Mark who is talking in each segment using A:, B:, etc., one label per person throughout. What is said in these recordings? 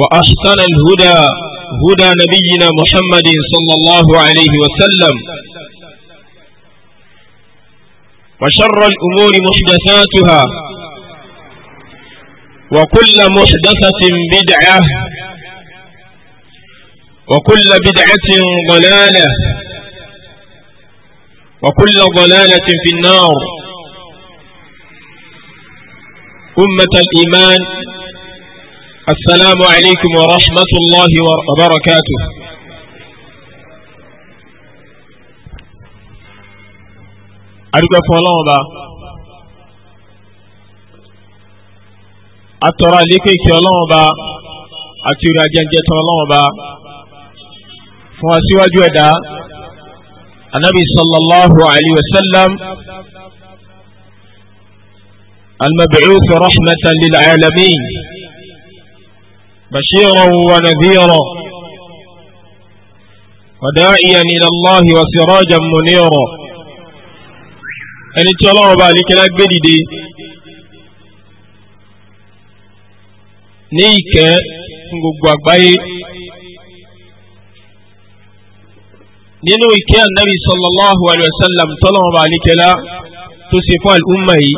A: وأحسن الهدى هدى نبينا محمد صلى الله عليه وسلم وشر الأمور محدثاتها وكل محدثة بدعة وكل بدعة ضلالة وكل ضلالة في النار أمة الإيمان السلام عليكم ورحمة الله وبركاته أرجو فلان با أترى لك كلام با أترى جنجة الله با فواسي وجودا النبي صلى الله عليه وسلم المبعوث رحمة للعالمين بشيرا ونذيرا وداعيا إلى الله وسراجا منيرا ẹni tí ọlọ́run bá àlékẹ́ lágbé dìde ní ìkẹ́ fún gbogbo àgbáyé nínú ìkẹ́ ànábì sallallahu alayhi wa sallam tọ́lọ́run bá àlékẹ́ lá tó ṣe fún àlùmọ̀ yìí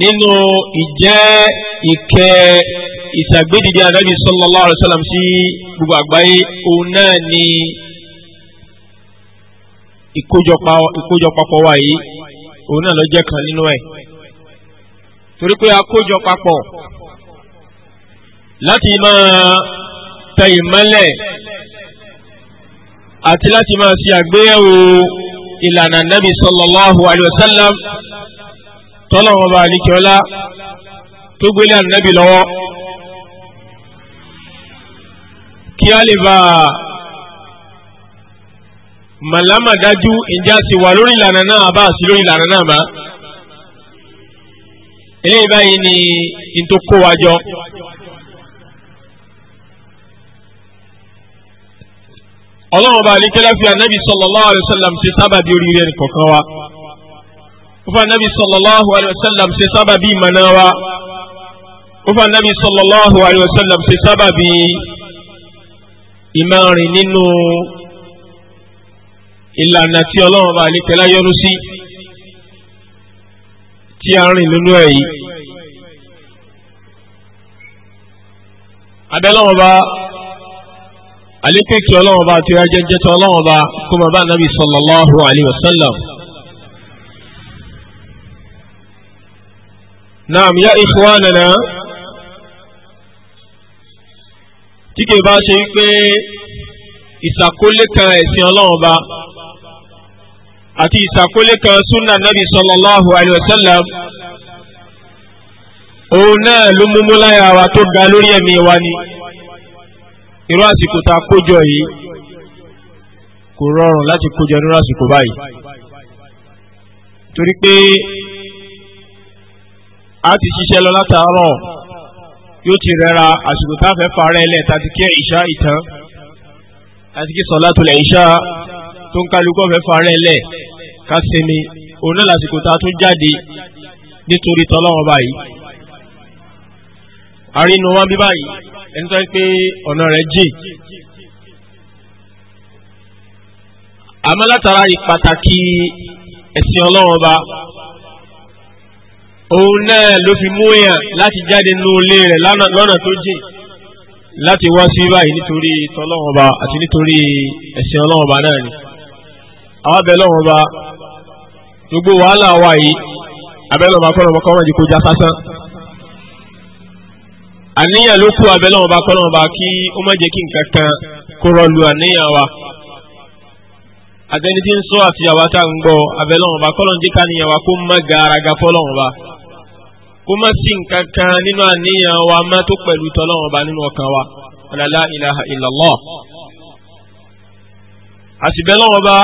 A: nínú ìjẹ́ ìkẹ́ ìṣàgbédìde Ànábì sallallahu alaihi wasallam sí gbogbo àgbáyé òun náà ni ìkójọpapọ̀ wa yìí òun náà ló jẹ́ kan nínú ẹ̀ torí pé akójọpapọ̀ láti máa tẹ ìmọ́lẹ̀ àti láti máa ṣe àgbéyẹ̀wò ìlànà Ànábì sallallahu alaihi tọ́lọ́wọ́n bá alikiola tó gbélé ànábì lọ́wọ́ kí a lè bá màlámà dájú ìjà sí wà lórí ìlànà náà àbá sí lórí ìlànà náà má eléyìí báyìí ni ìtò kó wa jọ. ọlọ́run bá alikiola fi ànábì sallallahu alaihi wasallam ti sábà di oríire nìkọ̀ọ̀kan wa ufa nabi sallallahu alayhi wa sallam ṣe sábàbí ìmọ̀nà wa ufa nabi sallallahu alayhi wa sallam ṣe sábàbí ìmọ̀rin nínú ìlànà tí ọlọ́run bá lè tẹ́lá yọ́nú sí tí a rìn nínú ẹ̀ yìí. abẹ́lọ́wọ́n bá àlékún ìkí ọlọ́run bá àti ìrájẹ́jẹ́ tó ọlọ́run bá kó máa bá nàbì sallallahu alayhi wa sallam. naam ya ikhwanana tí kìí bá ṣe pé ìṣàkólé kan ẹ̀sìn ọlọ́run ba àti ìṣàkólé kan sunna nabi sallallahu alaihi wasallam sallam òun náà ló múmú láyà wa tó ga lórí ẹ̀mí wa ni irú àsìkò tá a kójọ yìí kò rọrùn láti kójọ nírú àsìkò báyìí torí pé a ti ṣiṣẹ́ lọ látàárọ̀ yóò ti rẹra àsìkò tá a fẹ́ farẹ́ lẹ̀ tàbí kí ìṣá ìtàn àti kí sọ̀látùl ìṣá tó ń kálukọ́ fẹ́ farẹ́ lẹ̀ ká sinmi òun náà lásìkò tá a tún jáde nítorí tọ́lọ́wọ́n báyìí. àrínú wọn bí báyìí ẹni tó ń pé ọ̀nà rẹ̀ jìn. àmọ́ látara ìpàtàkì ẹ̀sìn ọlọ́wọ́n bá òun náà ló fi múyàn láti jáde nínú ilé rẹ̀ lọ́nà tó jìn láti wá sí báyìí nítorí tọ́lọ́wọ́ba àti nítorí ẹ̀sìn ọlọ́wọ́ba náà ni àwọn abẹ́ lọ́wọ́ba gbogbo wàhálà wa yìí abẹ́ lọ́wọ́ba kọ́ lọ́wọ́ba kọ́ wọ́n jù kó já sásán àníyàn ló kú abẹ́ kọ́ lọ́wọ́ba kí ó má jẹ́ kí nǹkan kan kó rọlù àníyàn wa àtẹni tí ń sọ àti àwa tá à ń gbọ́ abẹ́ lọ́wọ́ba kọ́ lọ́wọ́ba kó má gàràgà fọ́ lọ́wọ́ba kó má sí nǹkan kan nínú àníyàn wa má tó pẹ̀lú tọ́lọ́wọ́n ọba nínú ọkàn wa alala ilaha illallah àtìbẹ́lọ́wọ́n ọba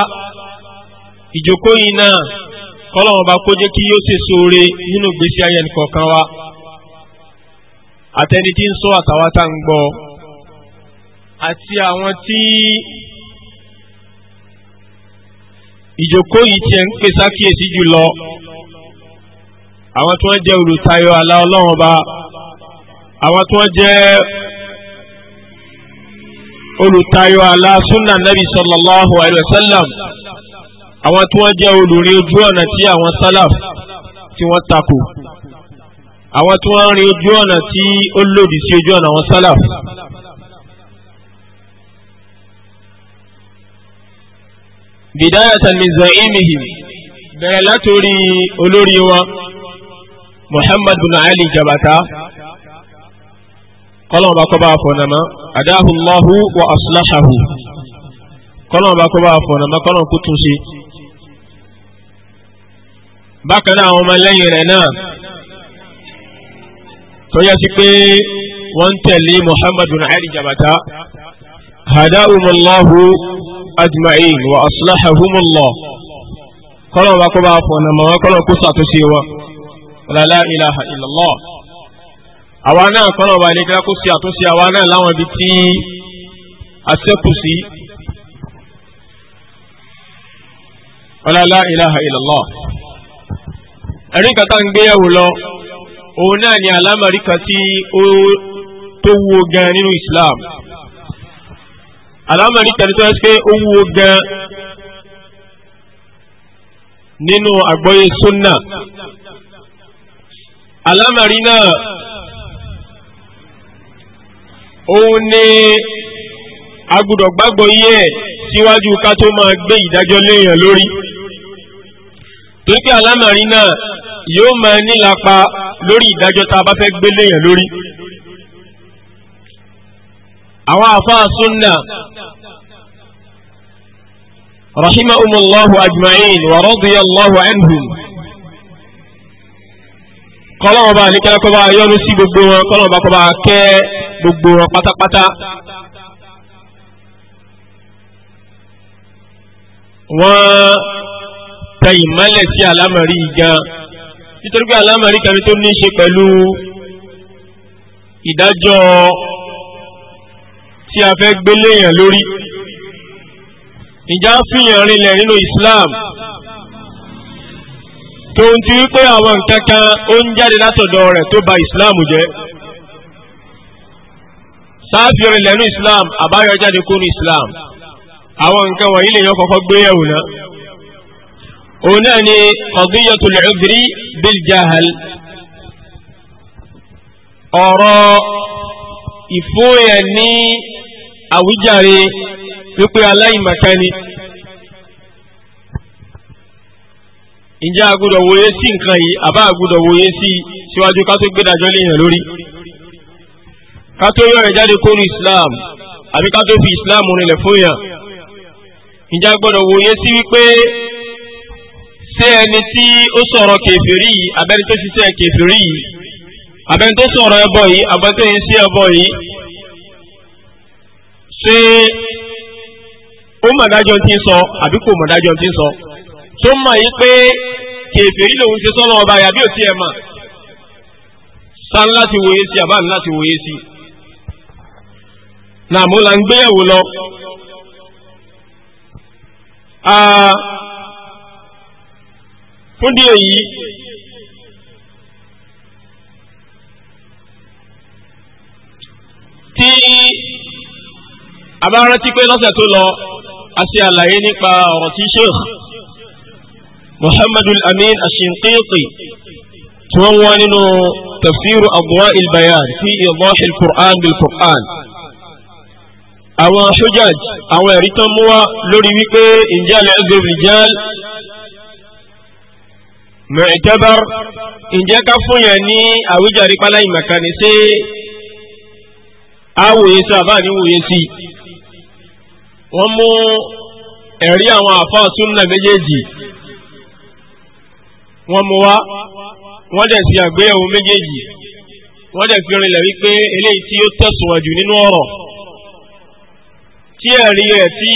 A: ìjókòó yìí náà kọ́lọ́wọ́n ọba kó jẹ́ kí yóò ṣe sóore nínú ìgbésí ayé nìkọ̀ọ̀kan wa àtẹni tí ń sọ àtàwọn tá ń gbọ́ àti àwọn tí ìjókòó yìí tiẹ̀ ń pè sákìyèsí jùlọ àwọn tí wọ́n jẹ́ olùtayọ àlà ọlọ́run ọba àwọn tí wọ́n jẹ́ olùtayọ àlà sunna nabi sallallahu alayhi wa sallam àwọn tí wọ́n jẹ́ olùrin ojú ọ̀nà tí àwọn salaf tí wọ́n takò àwọn tí wọ́n rin ojú ọ̀nà tí ó lòdì sí ojú ọ̀nà àwọn salaf. bidayatan min za'imihim bẹ̀rẹ̀ látòrí olórí wọn muhammad bin ali jabata kọ́lọ́n bá kọ́ bá fọ̀nàmọ́ adáhùnláhù wa asláhàhù kọ́lọ́n bá kọ́ bá fọ̀nàmọ́ kọ́lọ́n kú tún ṣe. bákan náà àwọn ọmọ lẹ́yìn rẹ̀ náà tó yẹ sí pé wọ́n tẹ̀lé muhammad bin jabata hadahumullahu ajma'in wa aslahahumullah kọ́lọ́n bá kọ́ bá fọ̀nàmọ́ kọ́lọ́n kú ṣàtúnṣe la ilaha illallah àwa náà kọ́nà ọba ilé kíláàkó sí àtúnṣe àwa náà láwọn ibi tí a ṣẹ́kù sí la ilaha illallah ẹ̀rí kàtà ń gbéyàwó lọ òun náà ni alámàrí kan tí ó tó wúwo gan nínú Islam alámàrí kan tó ẹ́ pé ó wúwo gan nínú àgbọ́yé sunna alámàrí náà òun ni agbọ́dọ̀ gbàgbọ́ yẹ síwájú ká tó máa gbé ìdájọ́ léèyàn lórí torí pé alámàrí náà yóò máa nílapa lórí ìdájọ́ tá a bá fẹ́ gbé léèyàn lórí àwọn àfáà súnnà rahimahumullahu ajma'in wa radiyallahu anhum kọ́lọ́wọ́n bá nígbà kọ́ bá yọ́nu sí gbogbo wọn kọ́lọ́wọ́n bá kọ́ bá kẹ́ gbogbo wọn pátápátá. wọ́n tẹ ìmọ́lẹ̀ sí àlámọ̀rí gan nítorí pé àlámọ̀rí kan tó ní í ṣe pẹ̀lú ìdájọ́ tí a fẹ́ gbéléyàn lórí ìjà fìyàn rinlẹ̀ nínú Islam. No tòun ti wípé àwọn nǹkan kan ó ń jáde látọ̀dọ̀ rẹ̀ tó ba islam jẹ́ sáfìrin lẹ́nu islam àbáyọjáde kúrú islam àwọn nǹkan wọ̀nyí lè yan kọ́kọ́ gbé yẹ̀wò náà òun náà ni qadiyatul udri bil jahal ọ̀rọ̀ ìfóyẹ̀ ní àwíjàre wípé aláìmọ̀kan ǹjẹ́ agudọ wòye sí nǹkan yìí àbá àgùdọ̀ wòye sí síwájú ká tó gbédájọ́ léèyàn lórí ká tó yọ kóru islam àbí ká fi islam rinlẹ̀ fún yàn ǹjẹ́ àgbọ̀dọ̀ wòye si wípé ṣé ẹni tí ó sọ̀rọ̀ kèfèrí yìí abẹ́ni tó ṣiṣẹ́ kèfèrí yìí abẹ́ni tó sọ̀rọ̀ ẹbọ yìí abẹ́ni tó yẹn sí ẹbọ yìí ṣé ó mọ̀dájọ́ ti sọ àbí kò mọ̀dájọ́ ti sọ. tó mọ̀ yí pé efe lòun ṣe sọ́nà ọba àyàbí òtí ẹ̀ mà sán láti wòye sí àbá láti wòye sí náà mo là ń gbéyàwó lọ. fún díẹ̀ yìí tí a bá rántí pé lọ́sẹ̀ tó lọ a ṣe àlàyé nípa ọ̀rọ̀ tí muhammadu amin ashinqiti tí wọ́n wá nínú tafsiru abuwa ilbayan fi ìlọ́ọ̀ṣì qur'an bil qur'an àwọn sojaj àwọn ẹ̀rí tán mú wá lórí wípé ǹjẹ́ alẹ́ ẹ̀zọ́ rijal mẹ̀ẹ́tẹ́bár ǹjẹ́ ká fún yẹn ní àwíjàre páláyì màkàní sí àwòye sí àbá níwòye sí wọ́n mú ẹ̀rí àwọn àfáà súnà méjèèjì wọ́n mú wá wọ́n dẹ̀ sí àgbéyẹ̀wò méjèèjì wọ́n dẹ̀ fi rinlẹ̀ wípé eléyìí tí ó tẹ̀sùnwọ̀n jù nínú ọ̀rọ̀ tí ẹ̀rí rẹ̀ tí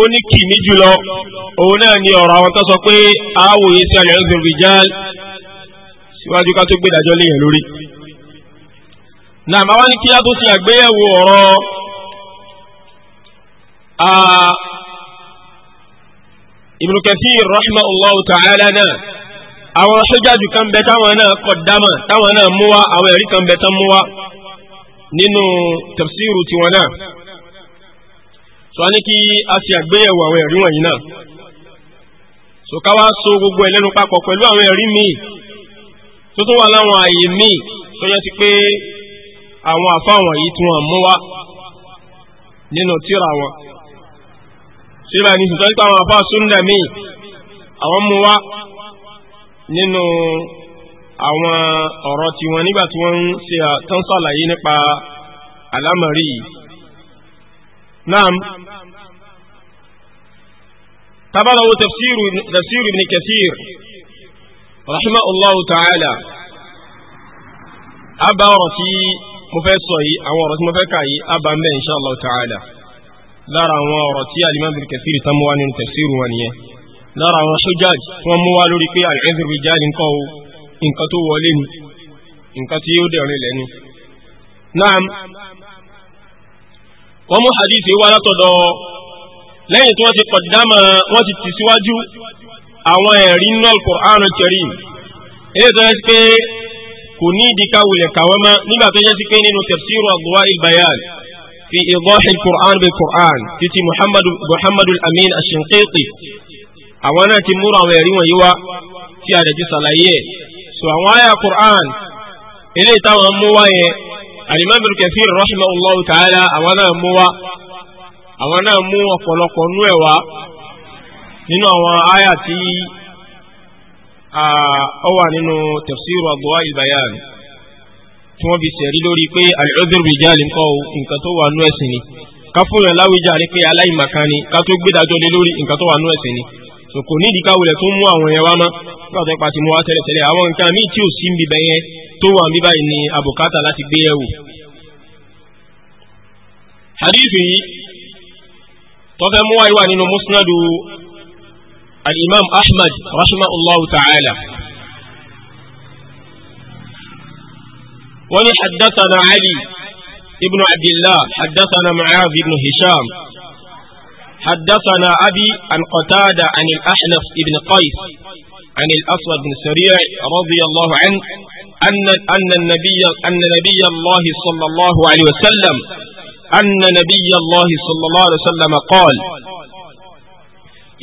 A: ó ní kì ní jùlọ òun náà ni ọ̀rọ̀ àwọn tó sọ pé àwòye sí alẹ́ ọ̀sùn rìjàl síwájú ká tó gbé ìdájọ́ léèyàn lórí. náà wá ní kí á tó ṣe àgbéyẹ̀wò ọ̀rọ̀ Ibn Kathir ta'ala náà àwọn sójájú kan bẹ táwọn náà kọ dámà táwọn náà mú wá àwọn ẹ̀rí kan bẹ tán mú wá nínú tafsiru tiwọn náà sọ ní kí a ṣe àgbéyẹ̀wò àwọn ẹ̀rí wọ̀nyí náà sọ ká wá so gbogbo ẹlẹ́nu papọ̀ pẹ̀lú àwọn ẹ̀rí míì tó tún wà láwọn àyè míì tó yẹ sí pé àwọn àfáwọn yìí tí wọ́n mú wá nínú tíra wọn síbẹ̀ ní sùtọ́ àwọn àfáà súnnà míì àwọn mú wá nínú àwọn ọ̀rọ̀ tí wọ́n nígbà tí wọ́n ń ṣe àtán sàlàyé nípa àlámọ̀rí naam tabalawo tafsiru tafsiru ibn kathir rahimahullahu ta'ala abba ọ̀rọ̀ tí mo fẹ́ sọ yìí àwọn ọ̀rọ̀ tí mo fẹ́ kà yìí abba mẹ́ inshallah ta'ala lára àwọn ọ̀rọ̀ tí alimam kathir tamuwa nínú tafsiru wọn nìyẹn lára àwọn sójáàjì wọ́n mú wá lórí pé àìrẹ́sì rí jáde nǹkan o nǹkan tó wọlé ni nǹkan tí ó dẹ̀rin lẹ́nu. naam wọ́n mú hadithi wá látọ̀dọ̀ lẹ́yìn tí wọ́n ti kọ̀dámà wọ́n ti tì síwájú àwọn ẹ̀rí náà Qur'an Karim èyí tó yẹ sí pé kò ní ìdíkà wulẹ̀ àwọn náà ti múra àwọn ẹ̀rí wọ̀nyí wá tí a dẹ̀jú sàlàyé ẹ̀ so àwọn àyà Qur'an ilé ìtàwọn mú wá yẹn Al-Imam Ibn Kathir rahimahullahu àwọn náà mú wá àwọn náà mú ọ̀pọ̀lọpọ̀ nú ẹ̀ wá nínú àwọn àyà tí ó wà nínú tafsir Adwa al tí wọ́n fi sẹ̀rí lórí pé al-udhr nǹkan o nǹkan tó wà nú ẹ̀sìn ni ká láwùjá rí pé aláìmàkan ká tó gbé dájọ́ lé lórí nǹkan tó wà nú ẹ̀sìn ni so kò ní ìdíkàwulẹ̀ tó mú àwọn yẹn wá mọ́ nígbà tó ń pàṣẹ mú wá tẹ́lẹ̀tẹ́lẹ̀ àwọn nǹkan míì tí ò sí níbi bẹ́yẹn tó wà níbí báyìí ni àbùkátà láti gbé yẹ̀wò. hadith yìí tọ́fẹ́ mú wáyé wà nínú musnadu al-imam ahmad rahimahullahu ta'ala. wọ́n ní haddathana ali ibnu abdillah haddathana mu'adh ibnu hisham. حدثنا أبي عن قتادة عن الأحنف بن قيس عن الأسود بن سريع رضي الله عنه أن أن النبي أن نبي الله صلى الله عليه وسلم أن نبي الله صلى الله عليه وسلم قال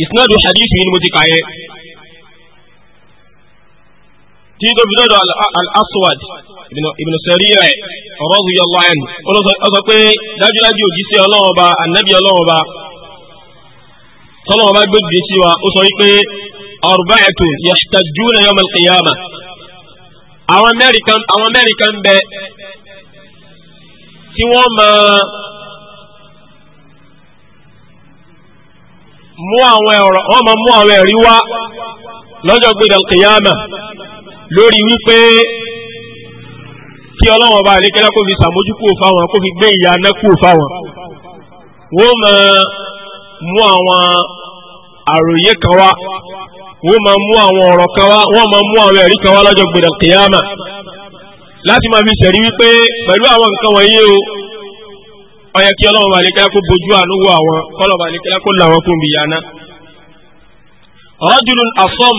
A: إسناد حديث من متكعي تيدو بلاد الأسود ابن ابن سريع رضي الله عنه أنا أقول لا جل جل جل الله النبي الله tọ́lọ́wọ́ bá gbé dìde sí wa ó sọ wípé arba'atun yahtajjuna yawm al-qiyamah àwọn mẹ́rin kan àwọn mẹ́rin kan bẹ tí wọ́n máa mú àwọn ọ̀rọ̀ wọ́n máa mú àwọn ẹ̀rí wá lọ́jọ́ gbé al-qiyamah lórí wípé kí ọlọ́wọ́n bá àlékẹ́lá kó fi sàmójúkú fáwọn kó fi gbé ìyá náà kú fáwọn wọ́n máa mú àwọn àròyé kan wá wọ́n máa mú àwọn ọ̀rọ̀ kan wá wọ́n máa mú àwọn ẹ̀rí kan wá lọ́jọ́ gbọdọ̀ kìyàmà láti máa fi ṣẹ̀rí wípé pẹ̀lú àwọn nǹkan wọ̀nyí o ó yẹ kí ọlọ́run bá lè kẹ́lá kó bojú àánú wo àwọn kọ́lọ̀ lè kẹ́lá kó là wọn kún bí yàná. rajulun asom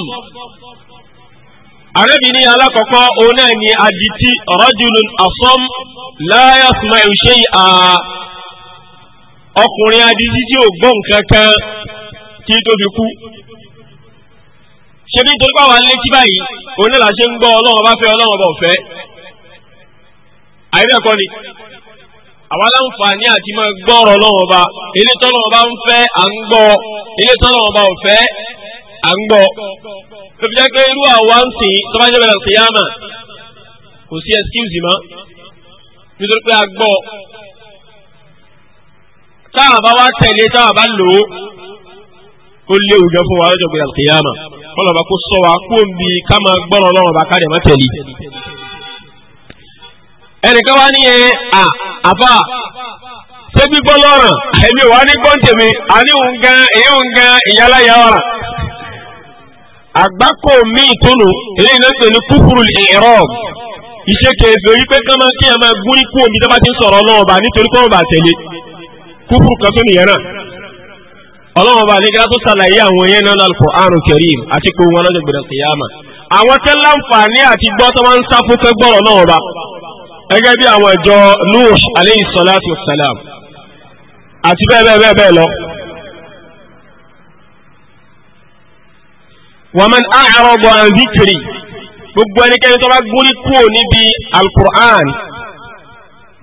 A: arábìn ní alákọ̀ọ́kọ́ òun náà ni adití rajulun asom la yasma'u shay'a ọkùnrin adití tí ò gbọ́ nǹkan kan kí tó fi kú ṣe bí nítorí báwa ń létí báyìí òun náà ṣe ń gbọ́ ọlọ́run bá fẹ́ ọlọ́run bá fẹ́ àìrẹ́ ẹ̀kọ́ ni àwa láǹfààní àti máa gbọ́rọ̀ ọlọ́run ọba ilé tọ́lọ́run bá ń fẹ́ à ń gbọ́ ilé tọ́lọ́run bá ò fẹ́ à ń gbọ́ tó fi jẹ́ pé irú àwa ń sìn tọ́bajẹ́ bẹ̀rẹ̀ sí yáàmà kò sí excuse mọ́ nítorí pé a gbọ́ táà bá wá tẹ̀lé táà bá lò ó ó léwu gan fún wa lọ́jọ́ gbé alkiyama kọ́lọ̀ bá sọ wa kó bi kama máa lọ́wọ́ bá kárẹ̀ má tẹ̀lé. ẹnìkan wa ni gbọ́ǹtẹ̀mí àní òun èyí òun gan ìyálàyà ọ̀ràn. àgbákò míì tónù eléyìí náà pè kúkúrú ìrọ̀ iṣẹ́ kẹfẹ́ orí pé kánmá kí ẹ máa gún ikú omi tó ti ń bá nítorí kọ́ ọlọ́run bá ní kíláàtú sàlàyé àwọn yẹn náà al-Qur'an Karim àti pé wọn lọ́jọ́ gbọdọ̀ kìyàmà àwọn tẹ́ láǹfààní àti gbọ́ tó máa ń sá fún fẹ́ gbọ́rọ̀ náà bá gẹ́gẹ́ bí àwọn ìjọ Nuh aleyhi salatu salam àti bẹ́ẹ̀ bẹ́ẹ̀ bẹ́ẹ̀ bẹ́ẹ̀ lọ. wa man a'rada an dhikri gbogbo ẹnikẹ́ni tó bá gbórí kúrò níbi al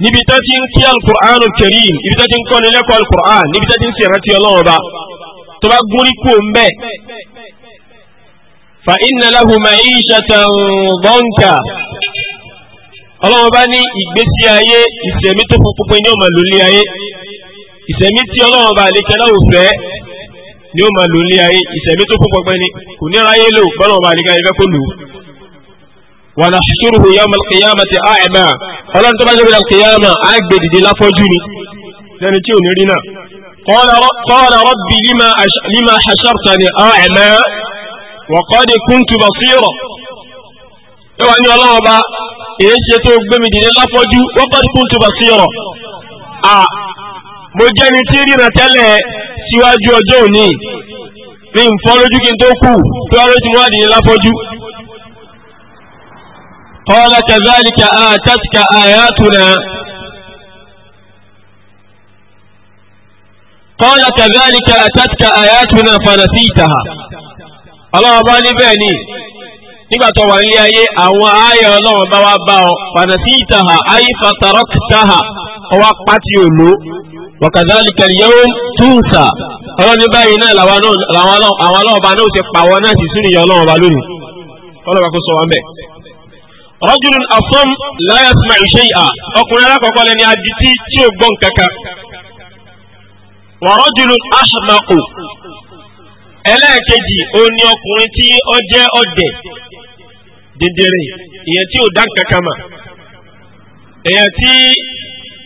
A: níbi tá ti ń kí alukur'an karim níbi tá ti ń kọ́ni lẹ́kọ̀ọ́ alukur'an níbi tá ti ń ṣèrántí ọlọ́run ọba tó bá gún ní kú òun bẹ́ẹ̀. fa inna lahu ma'ishatan danka ọlọ́run ọba ní ìgbésí ayé ìsẹ̀mí tó funfun pé ní ọmọ lórí ayé ìsẹ̀mí tí ọlọ́run ọba àlekẹ́ náà fẹ́ ní ọmọ lórí ayé ìsẹ̀mí tó funfun pé ní kò ní ráyé lò bọ́lọ́run ọba àlekẹ́ ayé ونحشره يوم القيامة أعمى فلن تبعد من القيامة عقد للفجن لنتيو نرينا قال قال ربي لما أش... لما حشرتني أعمى وقد كنت بصيرا ẹwà ní ọlọ́wọ́ bá èyí ṣe tó gbẹ́mi dìde láfọ́jú waqad kuntu basira à mo jẹ́ tí ríran tẹ́lẹ̀ síwájú ọjọ́ òní ní n tó kù tó wá lójú mo wá dìde láfọ́jú. قال كذلك آتتك آياتنا قال كذلك أتتك آياتنا فنسيتها الله أباني بني nígbà tó wà nílé ayé àwọn ayé ọlọ́run bá wá bá ọ fanasitaha ay fataroktaha ọwọ́ pátí òlò wa kadhalika al-yawm tunsa ọlọ́run ní báyìí náà làwọn ọlọ́run bá náà ti pàwọ́ náà sì sún ìyá ọlọ́run bá lónìí ọlọ́run bá kó sọ wọn bẹ́ẹ̀ rọ́jùlùn asọ́m láyàtúmọ̀ ìṣe ìhà ọkùnrin alákọ̀ọ́kọ́ lẹ́ni adití tí ò gbọ́n kankan wàrọ́jùlùn ahmaqu ẹlẹ́ẹ̀kejì ó ní ọkùnrin tí ó jẹ́ ọ̀dẹ̀ dendere ìyẹn tí ò dán kankan mà ìyẹn tí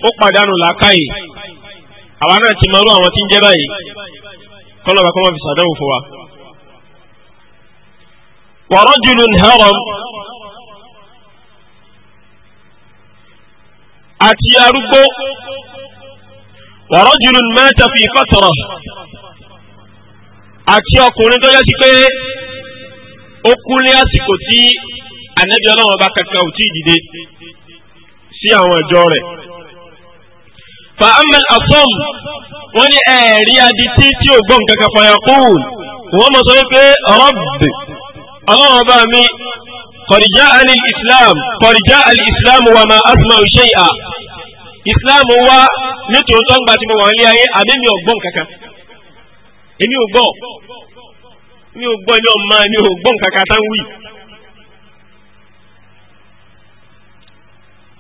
A: ó pàdánù làákàyè àwa náà ti mọ̀rú àwọn tí ń jẹ́ báyìí kọ́lọ́ba kọ́mọ́ fi sàdánwò fún wa. wàrọ́jùlùn haram. àti arúgbó wa rajulun mata fi qatrah àti ọkùnrin tó yẹ sí pé ó kú ní àsìkò tí ànábì ọlọ́run ọba kankan ò tí ì dìde sí àwọn ìjọ rẹ̀. fa amal asom wọn ní ẹ̀ẹ̀rí adití tí ò gbọ́ nǹkan kan fàyàkùn wọn mọ̀ sọ wípé Rabb ọlọ́run ọba mi قد جاء الإسلام قد جاء الإسلام وما أسمع شيئا Islam wa nítòótọ́ ń gbà tí mo wà nílé ayé àbí mi ò gbọ́ nǹkankan èmi ò gbọ́ mi ò gbọ́ èmi ò mi ò gbọ́ nǹkankan tá ń wí.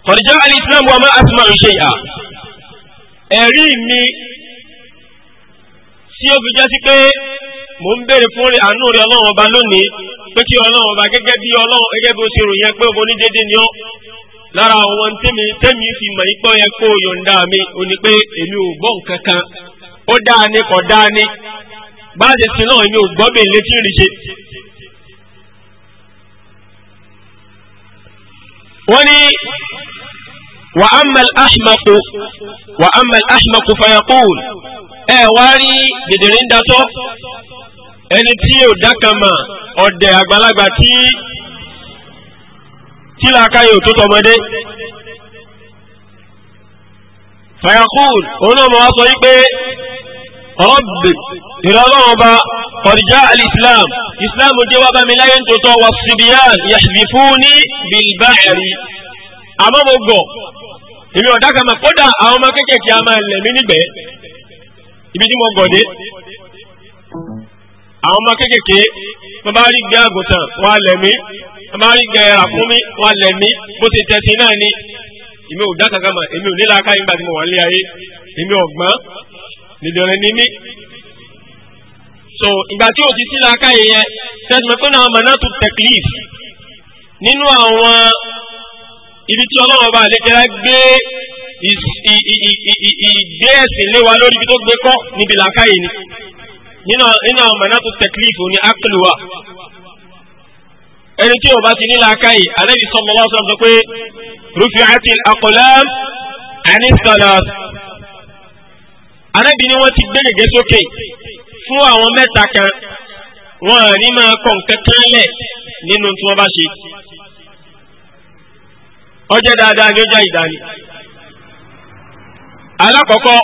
A: قد جاء الإسلام وما أسمع شيئا ẹ̀rí mi tí ó fi jásí pé mò ń béèrè fún àánú rẹ ọlọ́run ọba lónìí pé kí ọlọ́run ọba gẹ́gẹ́ bí ọlọ́run gẹ́gẹ́ bí o ṣe ròyìn pé ọmọ onídéédé ni ọ́ lára àwọn tẹ́mi tẹ́mi fi mọ̀ ipò yẹn kó yọ̀ǹda mi ò ní pé èmi ò gbọ́ nǹkan kan ó dáa ní kò dáa ní gbáàsì sí náà èmi ò gbọ́ bẹ́ẹ̀ létí rí ṣe. wọ́n ní wà á mẹ́l áṣmàkù wà á mẹ́l áṣmàkù fayaqul ẹ̀ wá rí gèdèrè ń datọ́ ẹni tí yóò dákàmà ọ̀dẹ̀ àgbàlagbà tí tí làákàyè ò tó tọmọdé fayakul olóòmọ wa sọ wípé rọ́bì ìrọ̀lọ́wọ́n ba ọ̀rìjà alìsílám islam jẹ́ wá bá mi láyé nítòótọ́ wa sibiyan yahzifuni bilbaari àmọ́ mo gọ̀ èmi ọ̀dá kan mà kódà àwọn ọmọ kéékèèké a máa lẹ̀ ibi tí mo gọ̀ dé àwọn ọmọ kéékèèké wọn bá rí gbé àgùntàn wọn lẹ̀ mí wọn bá rí gbé ràkúnmí wọn lẹ̀ mí bó ti tẹ̀sí náà ni èmi ò dákan kama èmi ò nílá ká nígbà tí mo wà nílé ayé èmi ọ̀gbọ́n nìdọ̀rẹ́ ní mí. so ìgbà tí o ti sí làákà yìí yẹn tẹ̀sán pé náà mọ̀ náà tún tẹ̀klif nínú àwọn ibi tí ọlọ́wọ́n bá àlejò gbé ìgbé ẹ̀sìn léwa lórí ibi tó gbé kọ́ níbi làákà yìí ni nínú àwọn mọ̀nàtò tẹ̀klífù ní akílùwà ẹni tí o bá ti ní làákàyè alẹ́bí sallallahu alaihi wasallam sọ pé rufi'atil aqlam anis salas alẹ́bí ni wọ́n ti gbé gègé sókè fún àwọn mẹ́ta kan wọ́n ní máa kọ̀ kankan lẹ̀ nínú tí wọ́n bá ṣe ọjọ́ dáadáa ni ó já ìdáni alákọ̀ọ́kọ́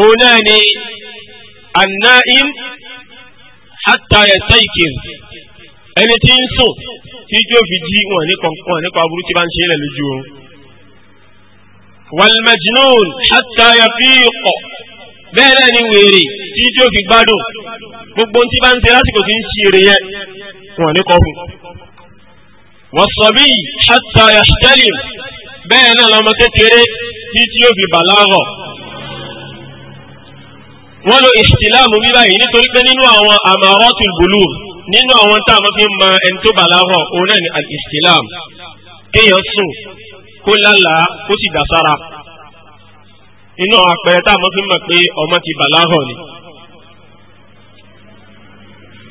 A: òun náà ni an-na'im hatta yastaykir ẹni tí ń sùn tí jó fi jí wọn ní kọ̀ọ̀kan nípa burú tí bá ń ṣe ilẹ̀ lójú oorun. wal majnun hatta yafiq bẹ́ẹ̀ náà ni wèrè tí jó fi gbádùn gbogbo tí bá ń ṣe lásìkò tí ń ṣe eré yẹn wọn ní kọ́kùn. was-sabi hatta yahtalim bẹ́ẹ̀ náà lọ́mọ kékeré tí tí yóò fi bàlágọ̀ wọ́n lo ìsìlámù wíwá yìí nítorí pé nínú àwọn àmàrọ́tul bùlù nínú àwọn tá a máa fi mọ ẹni tó bàlágọ̀ òun náà ni al-ìsìlámù kéèyàn sùn kó lálàá kó sì dà sára inú àpẹẹrẹ tá a máa fi mọ̀ pé ọmọ ti bàlágọ̀ ni.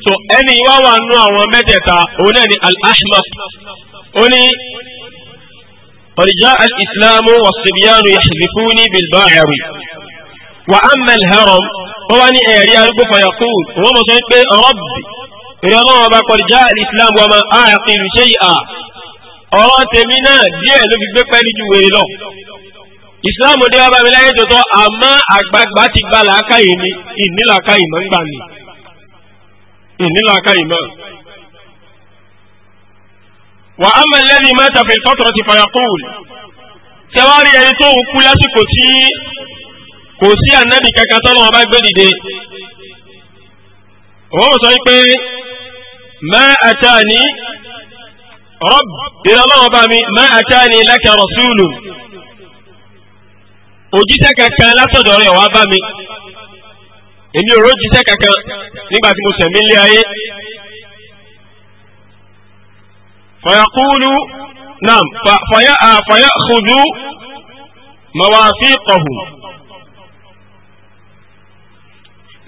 A: so ẹni wá wà nú àwọn mẹ́tẹ̀ẹ̀ta òun náà ni al-ahmaq ó ní ọ̀rìjà al-ìsìlámù wà síbíyánu yahzifuni bilba'ri. وأما الهرم ó wá ní ẹ̀rí arúgbó fàyàkó wọ́n mọ̀ sọ pé ọ̀rọ̀bì ìrẹ́ ọlọ́run ọba kọjá islam wa máa àyàfin ìrìṣẹ́ yìí à ọ̀rọ̀ tèmi náà díẹ̀ ló fi gbé pẹ́ẹ́lí ju wèrè lọ. islam dé wá bá mi láyé tó tọ́ àmọ́ àgbààgbà ti gba làákàyè mi ìnílàákàyè mọ́ ń gbà mí ìnílàákàyè mọ́. wà á mọ̀ lẹ́ni mẹ́ta fi fọ́tọ̀rọ̀ ti fàyàkó wù kò sí ànábì kankan tọ́lọ́ wọn bá gbé dìde òun sọ pé má àtàní rọ́b ìrọ̀lọ́wọ́n bá mi má àtàní laka rasúlù òjíṣẹ́ kankan látọ̀dọ̀ rẹ̀ wá bá mi èmi ò rójíṣẹ́ kankan nígbà tí mo sẹ̀mí lé ayé fayakulu naam faya faya kudu mawafi kọhùn.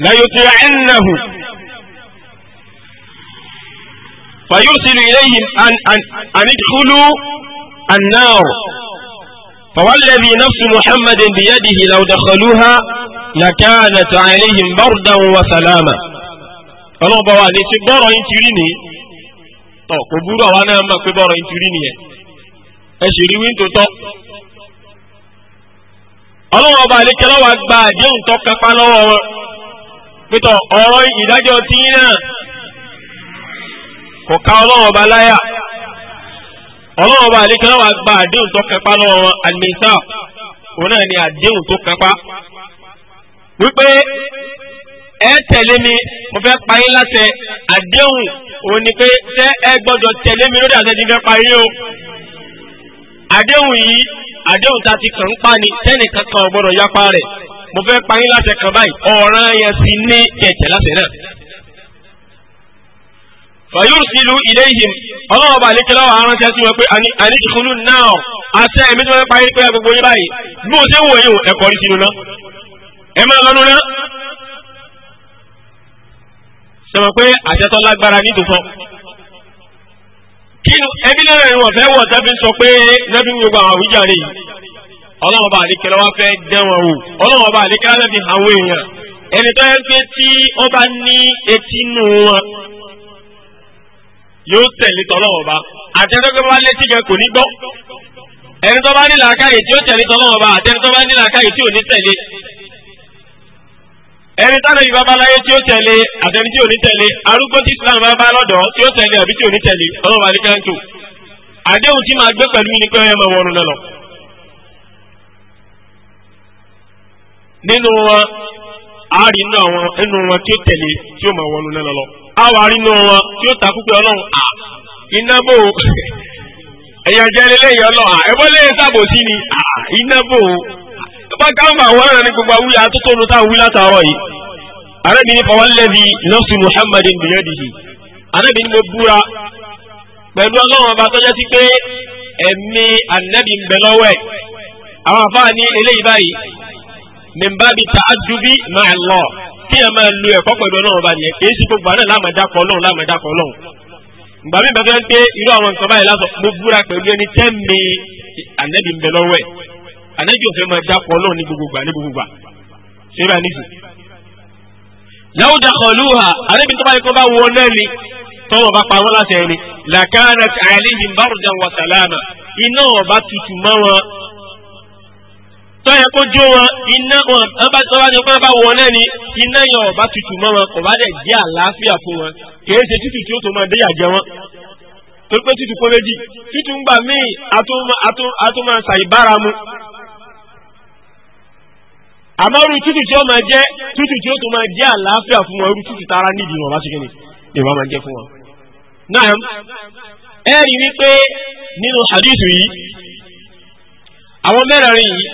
A: ليطيعنه فيرسل إليهم أن, أن, أن ادخلوا النار فوالذي نفس محمد بيده لو دخلوها لكانت عليهم بردا وسلاما ọlọ́run bá wa lè ṣe bọ́rọ̀ yín ti rí ni tọ̀ kò burú àwa náà mọ̀ pé bọ́rọ̀ yín ti rí nìyẹn ẹ sì rí wíńtò tọ́ ọlọ́run ọba àlekẹ́lọ́wà gba àdéhùn tó kápá lọ́wọ́ wọn pétọ ọ̀rọ̀ ìdájọ́ tí yín náà kò ká ọlọ́run ọba láyà ọlọ́run ọba àdéhùn náà wà gba àdéhùn tó kápá lọ́wọ́ wọn òun náà ni àdéhùn tó kápá wípé ẹ tẹ̀lé mi mo fẹ́ parí láṣẹ àdéhùn òun ni pé ṣé ẹ gbọ́dọ̀ tẹ̀lé mi lórí àṣẹ tí fẹ́ parí o àdéhùn yìí àdéhùn tá a ti kàn ń pa ni tẹ́nìkan kan ò gbọ́dọ̀ yapa rẹ̀ mo fẹ́ pa yín láṣẹ kan báyìí ọ̀ràn yẹn sì ní ẹ̀jẹ̀ láṣẹ náà. fàyọ̀rù sí ìlú ilé ìhìm ọlọ́wọ́ bá lè kílọ̀ àrùn ṣe sí wọn pé àníjìkúlù náà àṣẹ ẹ̀mí tí wọ́n pa yín pé gbogbo yín báyìí bí mo ṣe ń wò yín ẹ̀kọ́ rí sínú náà ẹ máa lọ́nu náà sọ̀rọ̀ pé àṣetọ́ lágbára nítòsọ. kí ẹbí lẹ́rẹ̀ ni wọ́n fẹ́ wọ̀ tẹ́fi ọlọ́run ọba àlékẹ́lá wá fẹ́ dán wọn wò ọlọ́run ọba àlékẹ́lá fẹ́ fi hàn wọ́n èèyàn ẹni tó yẹ pé tí ó bá ní etí nù wọn yóò tẹ̀lé tọ́lọ́wọ́ bá àtẹ́tọ́gbẹ́ bá létí gẹ kò ní gbọ́ ẹni tó bá ní làákàyè tí ó tẹ̀lé tọ́lọ́wọ́ bá àtẹ́ni tó bá ní làákàyè tí ò ní tẹ̀lé ẹni tánà yìí bábá láyé tí ó tẹ̀lé àtẹ́ni tí ò ní tẹ̀lé arúgbó tí Islam bá lọ́dọ̀ tí ó tẹ̀lé àbí tí ò ní tẹ̀lé ọlọ́wọ́ àdékántò àdéhùn tí máa gbé pẹ̀lú mi ni pé ọyọ́ máa wọnú nínú wọn a rí inú àwọn inú wọn tí ó tẹ̀lé tí ó máa wọnú náà lọ a wà rí inú wọn tí ó takú pé ọlọ́run à iná bò ó ẹ̀yàn ọlọ́run à ẹ̀bọ́n lẹ́yìn sábò sí ni à iná bò ó ẹ̀bá káwọn àwọn ọ̀rẹ́ ní gbogbo awúyà tó tónu tá à wí látàárọ̀ yìí arábìnrin fawalẹ́bi nọ́ọ̀sì muhammadin bìyẹ́dìhì arábìnrin mo búra pẹ̀lú ọlọ́run ọba tọ́jọ́ sí pé ẹ̀mí ànábì ń bẹ lọ́wọ́ ẹ̀ mìmbá bíi tààjúbí máa lọ kí ẹ máa lo ẹ̀kọ́ pẹ̀lú ọlọ́run bá nìyẹn kìí ṣe gbogbo àná lámàdàkọ ọlọ́run lámàdàkọ ọlọ́run. ìgbà mi bàtà ń pé irú àwọn nǹkan báyìí lásán mo búra pẹ̀lú ẹni tẹ́ mi ànẹ́bí ń bẹ lọ́wọ́ ẹ̀ ànẹ́bí ò fẹ́ máa dàkọ ọlọ́run ní gbogbo gbà ní gbogbo gbà ṣé bá níbi. láwùjọ kọlùwà àrẹ́bí tó bá kó bá wọ náà tọ́wọ́ bá pa wọ́n láṣẹ ni làkàrà tó yẹ kó jó wọn iná wọn ọba tó ní pé wọn náà ni iná yẹn ọba tutù mọ́ wọn kò bá dẹ̀ jẹ́ àlàáfíà fún wọn kìí ṣe tútù tí ó tó máa déyà jẹ wọn torí pé tútù kó méjì tútù ń gbà míì àtún máa ṣàìbára mu àmọ́ irú tútù tí ó máa jẹ́ tútù tí ó tó máa jẹ́ àlàáfíà fún wọn irú tútù tara nídìí wọn bá ṣe kíni ni wọn máa jẹ fún wọn. náà ẹ rí i wípé nínú hadith yìí àwọn mẹ́rẹ̀ẹ̀rin yìí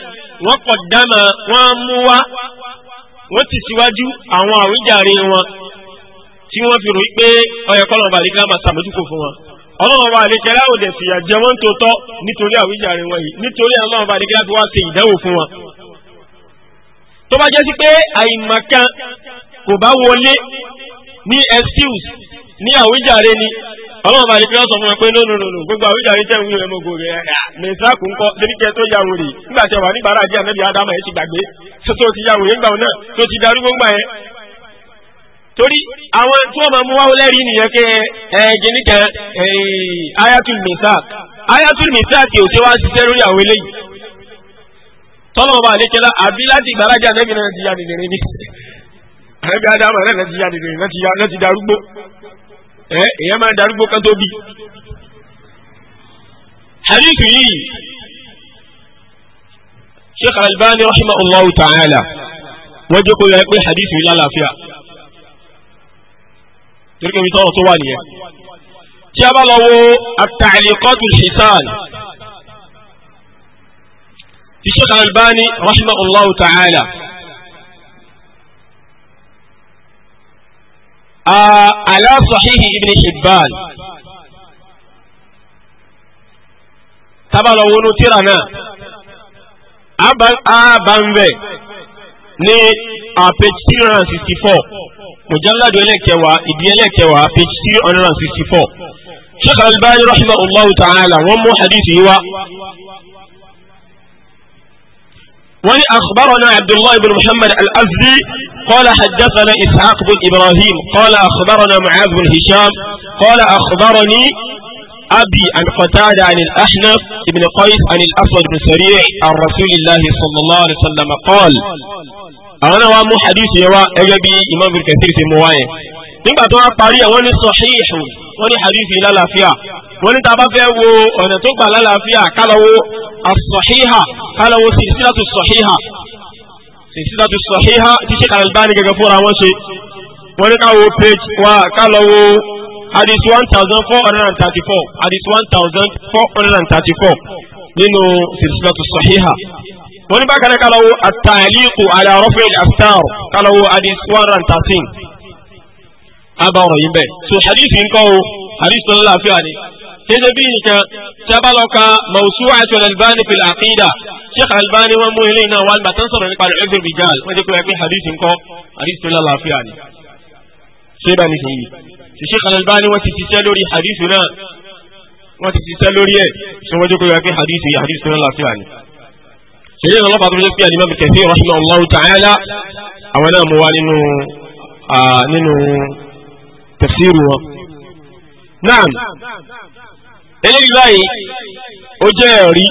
A: wọ́n kọ̀ dáná wọ́n mú wa wọ́n ti síwájú àwọn àwíjàre wọn tí wọ́n fi ròyìn pé ọyọ̀ kọ́lọ̀ ọba àlejò máa sàmójúkò fún wọn ọlọ́run ọba àlejò aláwọ̀ dẹ̀ fìyà jẹ wọ́n tó tọ́ nítorí àwíjàre wọn yìí nítorí ọlọ́run ọba àlejò láti wá ṣe ìdánwò fún wọn. tó bá jẹ́ sí pé àìmọ̀kan kò bá wọlé ní excuse ní àwíjàre ni ọlọ́run bàlẹ́ pé wọ́n sọ fún wọn pé lónìí lónìí gbogbo àwọn ìjà yìí tẹ̀ ń yẹn mọ́gò rẹ̀ mẹ́sà kún kọ́ débi kẹ́ tó yà wòrì nígbà tí wà nígbàrà àjẹ́ àmẹ́bí ádámà yẹn ti gbàgbé tó ti yà wòrì nígbà náà tó ti darúgbó ńgbà yẹn. torí àwọn tí máa mú lẹ́rìí nìyẹn ẹ ayatul ayatul ṣe wá ṣiṣẹ́ lórí àwọn eléyìí ẹ eh, èèyàn máa darúgbó kan tó bí. hadith yìí sheikh albani rahimahullahu ta'ala wọ́n jẹ́ kó yẹ pé hadith yìí lálàáfíà torí kò ní tọrọ tó wà nìyẹn. tí a bá lọ wo at-ta'liqat al-hisan ti sheikh albani rahimahullahu ta'ala. ala sahihi ibn hibban tábàlọ̀ wọnú tíra náà àbánbẹ̀ ní uh, page three hundred and sixty four mujalladu ẹlẹ́kẹwàá ìdí ẹlẹ́kẹwàá page three hundred and sixty four sheikh albani rahimahullahu ta'ala wọ́n mú hadith yìí wá. wọ́n ní akhbarana abdullahi ibn muhammad al-azdi قال حدثنا إسحاق بن إبراهيم قال أخبرنا معاذ بن هشام قال أخبرني أبي عن قتادة عن الأحنف بن قيس عن الأسود بن سريع عن رسول الله صلى الله عليه وسلم قال أنا وامو حديث يوا أجبي إمام بن كثير في موايه nígbà tó wá parí àwọn ní sọ̀híìhù wọ́n ní hadith lálàáfíà wọ́n ní tàbá fẹ́ wo ọ̀nà tó gbà Silsilatu Sahiha tí Sheikh Al-Albani gẹ́gẹ́ fúnra wọn ṣe wọ́n ní ká wo page wa ká lọ hadith one thousand four hundred and thirty-four hadith one thousand four hundred and thirty-four nínú Silsilatu Sahiha wọ́n ní bákan náà ká lọ wo at-Ta'liqu ala Raf'il Astar ká lọ wo hadith one hundred and thirteen abawọ̀rọ̀ yìí bẹ́ẹ̀ so hadith yìí ń kọ́ o hadith tó láàfin àná kéde bí nìkan tí a bá lọ ka mawsu'at al-Albani fil aqida Sheikh Albani wọn mú ilé iná wàlúbà tó ń sọ̀rọ̀ nípa rẹ̀ ẹgbẹ́ rijal wọ́n ti pè é pé hadith ńkọ́ hadith tó lálàáfíà ni. ṣé bá mi sèyí ṣe Sheikh Albani wọ́n ti ṣiṣẹ́ lórí hadith náà wọ́n ti ṣiṣẹ́ lórí ẹ̀ ṣé wọ́n ti pè é pé hadith yìí hadith tó lálàáfíà ni. ṣèyí ìrànlọ́ bàtà tó ṣe pé Imam Kathir rahimahullahu ta'ala àwọn náà mú wa nínú nínú tafsiru wọn. naam eléyìí báyìí ó jẹ́ ẹ̀rí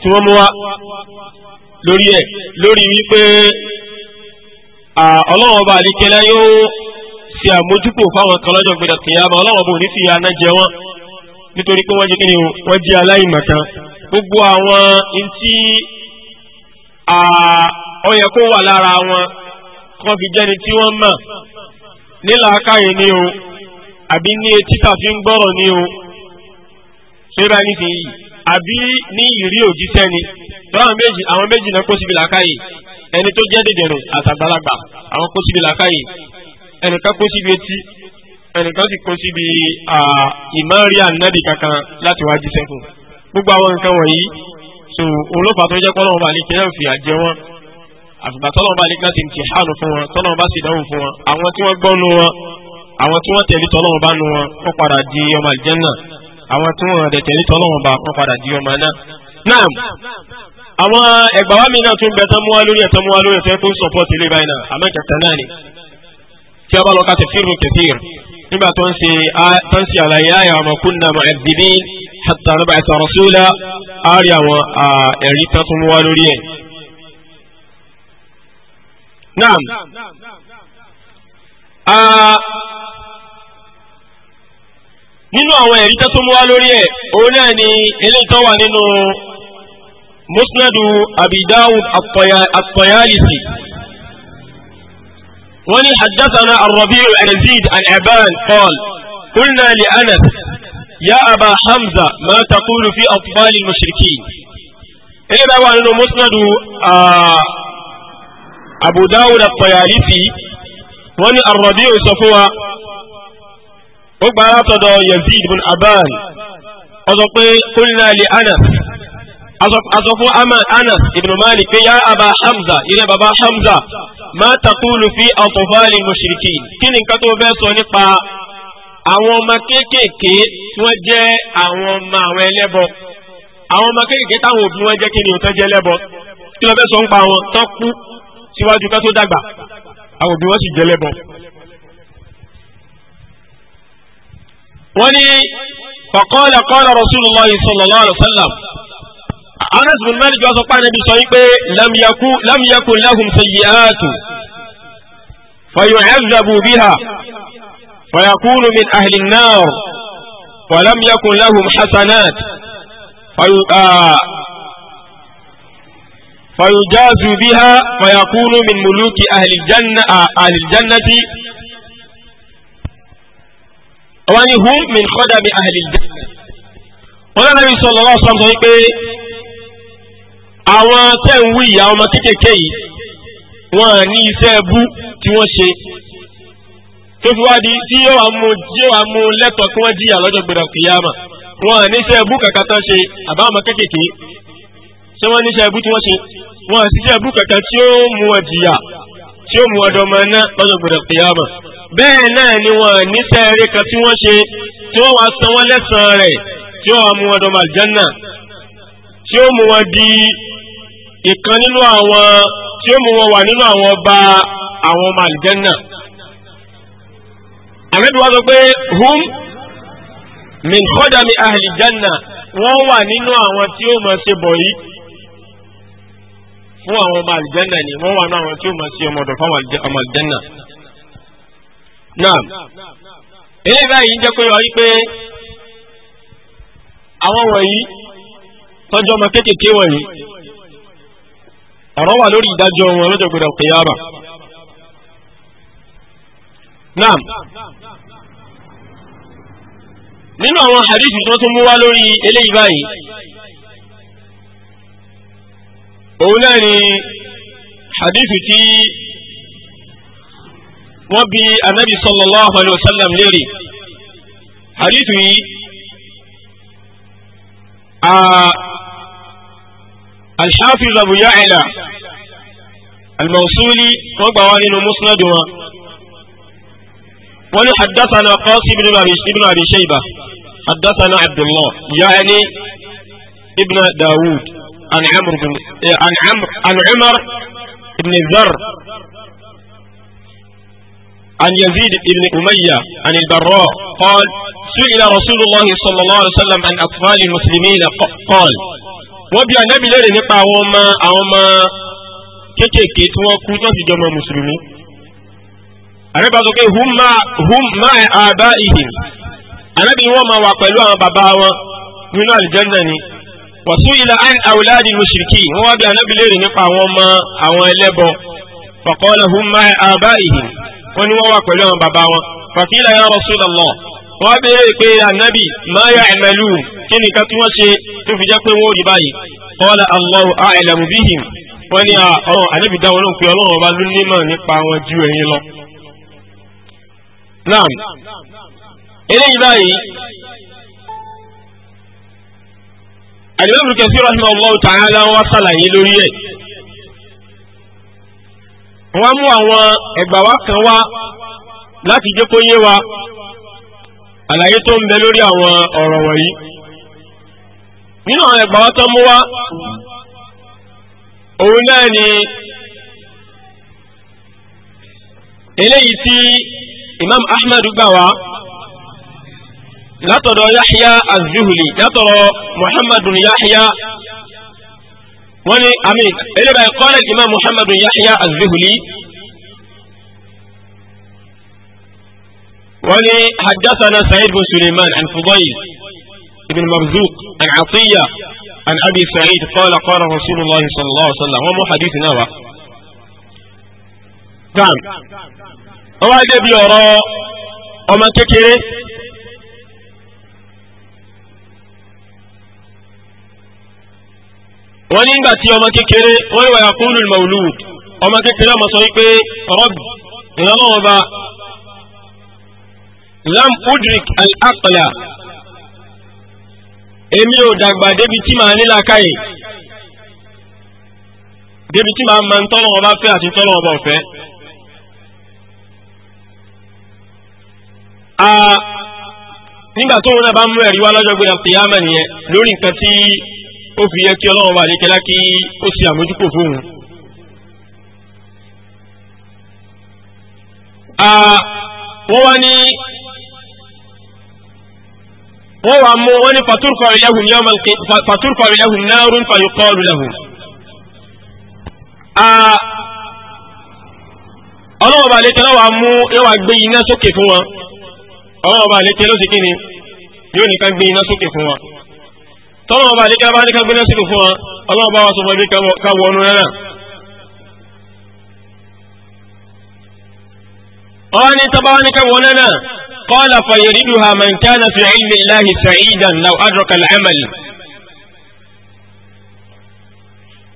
A: tí wọ́n mú wá lórí ẹ̀ lórí wípé ọlọ́wọ́n bá àdékẹ́lá yóò ṣe àmójúkò fáwọn kan lọ́jọ́ gbẹdọ̀ kìyàmá ọlọ́wọ́n bò ní fi aná jẹ wọ́n nítorí pé wọ́n jẹ́ kíni wọ́n jẹ́ aláìmọ̀kan gbogbo àwọn ntí ó yẹ kó wà lára wọn kó fi jẹ́ni tí wọ́n mọ̀ nílàákàyè ni o àbí ní etí tàfi ń gbọ́rọ̀ ní o ṣé bá àbí ní ìrí òjíṣẹ́ ni lọ́wọ́ méjì àwọn méjì náà kó síbi làákàyè ẹni tó jẹ́ dèdèrè àtàgbàlagbà àwọn kó síbi làákàyè ẹnìkan kó síbi etí ẹnìkan sì kó síbi ìmọ̀rí ànábì kankan láti wá jíṣẹ́ fún gbogbo àwọn nǹkan wọ̀nyí so olófà tó jẹ́ kọ́lọ́wọ́ bá ní kí ẹ̀rù fìyà jẹ wọ́n àfìgbà tọ́lọ́wọ́ bá ní kí wọ́n ti ń ti hànú fún wọn tọ́lọ́wọ́ sì dáhùn fún wọn àwọn tí wọ́n gbọ́nu wọn àwọn tí wọ́n tẹ̀lé tọ́lọ́wọ́n bá nu wọn wọ́n padà di ọmọ àlìjẹ́nà àwọn tí wọ́n dẹ̀ tẹ̀lé bá wọ́n padà di ọmọ náà. àwọn ẹgbà wa mi náà tún bẹ tán mú wa lórí ẹ̀tọ́ mú wa lórí ẹ̀tọ́ tó ń sọpọ́ọ̀tì ilé báyìí náà àmọ́ ìkẹta náà ni tí a bá lọ ka tafsiru kathir nígbà tó ń ṣe tó ń ṣe àlàyé ayé àwọn kunna mu'adhdhibin hatta nab'atha rasula á rí àwọn ẹ̀rí tán tún mú wa lórí ẹ̀. naam nínú àwọn ẹ̀rí tó mú wá lórí ẹ̀ òun náà ni eléyìí tó wà nínú musnadu abi dawud at-tayalisi wọ́n ní haddathana ar-rabi'u yazid an aban qal qulna li anas ya aba hamza ma taqulu fi atfal al eléyìí bá nínú musnadu abu dawud wọ́n ní ar sọ fún wa ó gbà látọ̀dọ̀ yazid bin aban ó sọ pé kúnlá lè anas asọ fún anas ibn malik pé yá aba hamza ilé baba hamza má takulu fi àtọ̀fáàlì mọ̀ṣirikì kí ni nǹkan tó fẹ́ sọ nípa àwọn ọmọ kéékèèké tí wọ́n jẹ́ àwọn ọmọ àwọn ẹlẹ́bọ àwọn ọmọ kéékèèké táwọn òbí wọn jẹ́ kí ni òtán jẹ́ ẹlẹ́bọ kí ló fẹ́ sọ ń pa wọn tán kú síwájú ká tó dàgbà àwọn òbí wọn sì jẹ́ ẹlẹ́bọ. ولي فقال قال رسول الله صلى الله عليه وسلم أنس بن مالك وصفى النبي صلى الله عليه وسلم لم يكن لهم سيئات فيعذبوا بها فيكون من أهل النار ولم يكن لهم حسنات في آه، فيجاز بها فيكون من ملوك أهل الجنة آه، أهل الجنة àwọn ni hum min khadami ahli al-janna wọn náà bí sọlọ lọ sọmọ sọ pé àwọn tẹ̀ ń wí ìyá ọmọ kékèké yìí wọn ní iṣẹ́ bú tí wọ́n ṣe tó fi wá di tí yóò wá mú yóò wá mú lẹ́tọ̀ọ́ kí wọ́n jìyà lọ́jọ́ gbèrò kìyàmà wọn ní iṣẹ́ bú kankan tán ṣe àbá ọmọ kékèké ṣé wọ́n ní iṣẹ́ bú tí wọ́n ṣe wọn sì iṣẹ́ bú kankan tí ó mú ọ jìyà tí ó mú ọdọ bẹ́ẹ̀ náà ni wọ́n níṣẹ́ eré kan tí wọ́n ṣe tí wọ́n wá san wọ́n lẹ́sàn-án rẹ̀ tí ó wà mú wọn dọ̀mà jẹ́nà tí ó mú wọn di ìkan nínú àwọn tí ó mú wọn wà nínú àwọn ọba àwọn ọmọ àlìjẹ́nà. àmẹ́bí wá sọ pé hum min kọ́dàmí àlìjẹ́nà wọ́n wà nínú àwọn tí ó mọ̀ ṣe bọ̀ yìí fún àwọn ọmọ àlìjẹ́nà ni wọ́n wà nínú àwọn tí ó mọ̀ ṣe ọmọdọ̀ fún àwọn ọmọ àlìjẹ́nà náà eré báyìí ń jẹ́ pé wọ́n rí pé àwọn wọ̀nyí tọ́jú ọmọ kéékèèké wọ̀nyí ọ̀rọ̀ wà lórí ìdájọ́ wọn lọ́jọ́ gbọdọ̀ kìyàmà náà nínú àwọn àdìsí tó tún mú wá lórí eléyìí báyìí òun náà ni àdìsí tí wọ́n bi anabi sallallahu alayhi wa sallam léèrè hadith yìí al-Hafiz Abu Ya'la al-Mawsuli wọ́n gbà wá nínú musnad wọn wọ́n ní haddathana Qasim ibn Abi Shayba haddathana Abdullah ya'ni ibn Dawud عن عمرو بن عن عمرو عمر بن الذر عن يزيد بن أمية عن البراء قال سئل رسول الله صلى الله عليه وسلم عن أطفال المسلمين قال وبي النبي لري نقا وما أوما كيكي تو كو في جماعة مسلمين أربعة بقول هم ما هم ما آبائهم أنا بي وما وقلوا بابا nínú àlìjẹ́ndà ni wàsú ilà àn àwùláàdì mùsùlùkì wọ́n wá bí anábìlérì nípa àwọn ọmọ àwọn ẹlẹ́bọ faqala wọ́n ní wọ́n wà pẹ̀lú àwọn bàbá wọn fàkílà ya Rasulullah wọ́n béèrè pé ànábì máa yà ẹ̀mẹ́lú kí ni ká tí wọ́n ṣe tó fi jẹ́ pé wọ́n rí báyìí qala Allahu a'lamu bihim wọ́n ní àwọn ànábì dáwọn náà pé ọlọ́run ọba ló ní mọ̀ nípa wọn ju ẹ̀yin lọ. naam eléyìí báyìí àdìbẹ́bùrù kẹfì rahimahullahu ta'ala wọ́n sàlàyé lórí ẹ̀ wọ́n mú àwọn ẹ̀gbà wa kan wá láti jẹ́ kó yé wa àlàyé tó ń bẹ lórí àwọn ọ̀rọ̀ wọ̀nyí nínú àwọn ẹ̀gbà wa tó mú wá òun náà ni eléyìí tí imam ahmed gbà wá látọ̀dọ̀ yahya az látọ̀dọ̀ muhammadu yahya wọ́n ní amin eléba ìkọ́lẹ̀ ìmọ̀ muhammadu yahya az-zuhli wọ́n ní hadathana sa'id bin suleiman an fudayl ibn marzuq an atiya an abi sa'id qala qala rasulullah sallallahu alaihi wasallam wọ́n mú hadith náà wá. tam wọ́n wá ọmọ kékeré. wọ́n ní ìgbà tí ọmọ kékeré wọ́n ní wàyà kúlù mawlud ọmọ kékeré ọmọ sọ wípé rọ́bì ìrànlọ́wọ́ bá lam udrik al-aqla èmi ò dàgbà débi tí màá nílá káyè débi tí màá máa ń tọ́lọ̀ ọba fẹ́ àti tọ́lọ̀ ọba ọ̀fẹ́. nígbà tóun náà bá mú ẹ̀rí wá lọ́jọ́ gbéra kìyàmẹ̀ nìyẹn lórí nǹkan tí ó fi yẹ kí ọlọ́run bá àdékẹ́lá kí ó ṣe àmójúkò fóun. wọ́n wá ní wọ́n wá mú wọ́n ní faturkọ̀ ìlẹ́hùn náírún fàyíkọ́ọ̀lù lẹ́hùn. ọlọ́run bá àdékẹ́lá wà mú yóò wá gbé iná sókè fún wọn ọlọ́run bá àdékẹ́lá ó sì kí ni yóò nìkan gbé iná sókè fún wọn. tọ́lọ́ ọba àdékẹ́ bá ní ká gbéná sínú fún wa ọlọ́run bá wa sọ fún ẹbí ká wọ ọnu náà. ọ̀hún ni tọ́ba wa ní ká wọ ọnu náà kọ́lá fayoriduha man kana fi ilmi ilahi sa'idan law adraka al-amal.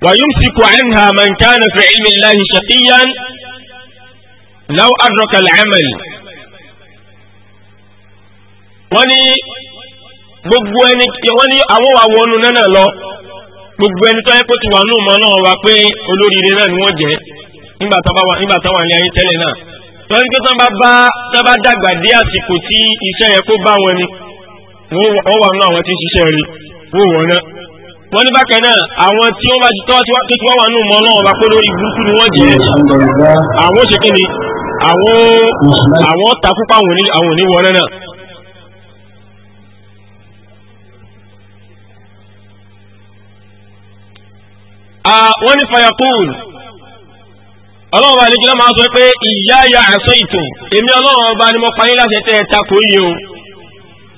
A: ويمسك عنها من كان في علم الله شقيا لو أدرك العمل وني gbogbo ẹni wọ́n ní àwọn wà wọnú náà lọ gbogbo ẹni tó yẹ kó ti wà nù mọ́ náà wá pé olóríire náà ni wọ́n jẹ́ nígbà táwọn àlẹ́ ayé tẹ́lẹ̀ náà wọ́n ní pé tí wọ́n bá dàgbà dé àsìkò tí iṣẹ́ yẹ kó bá wọn ni wọ́n wà nù àwọn tí ń ṣiṣẹ́ rí wọ́n wọ̀ náà wọ́n ní bákan náà àwọn tí wọ́n bá ti tọ́ tó ti wá wà nù mọ́ náà wá pé lórí burúkú ni wọ́n jẹ́ àwọn òṣèké ni àwọn àwọn takú pa àwọn òní wọ́n náà Ah, wọ́n ní fayakun ọlọ́run bá nígbà máa sọ pé ìyá ya àṣọ ìtàn èmi ọlọ́run ọba ni mo pa yín láti tẹ́ ẹ takò yìí o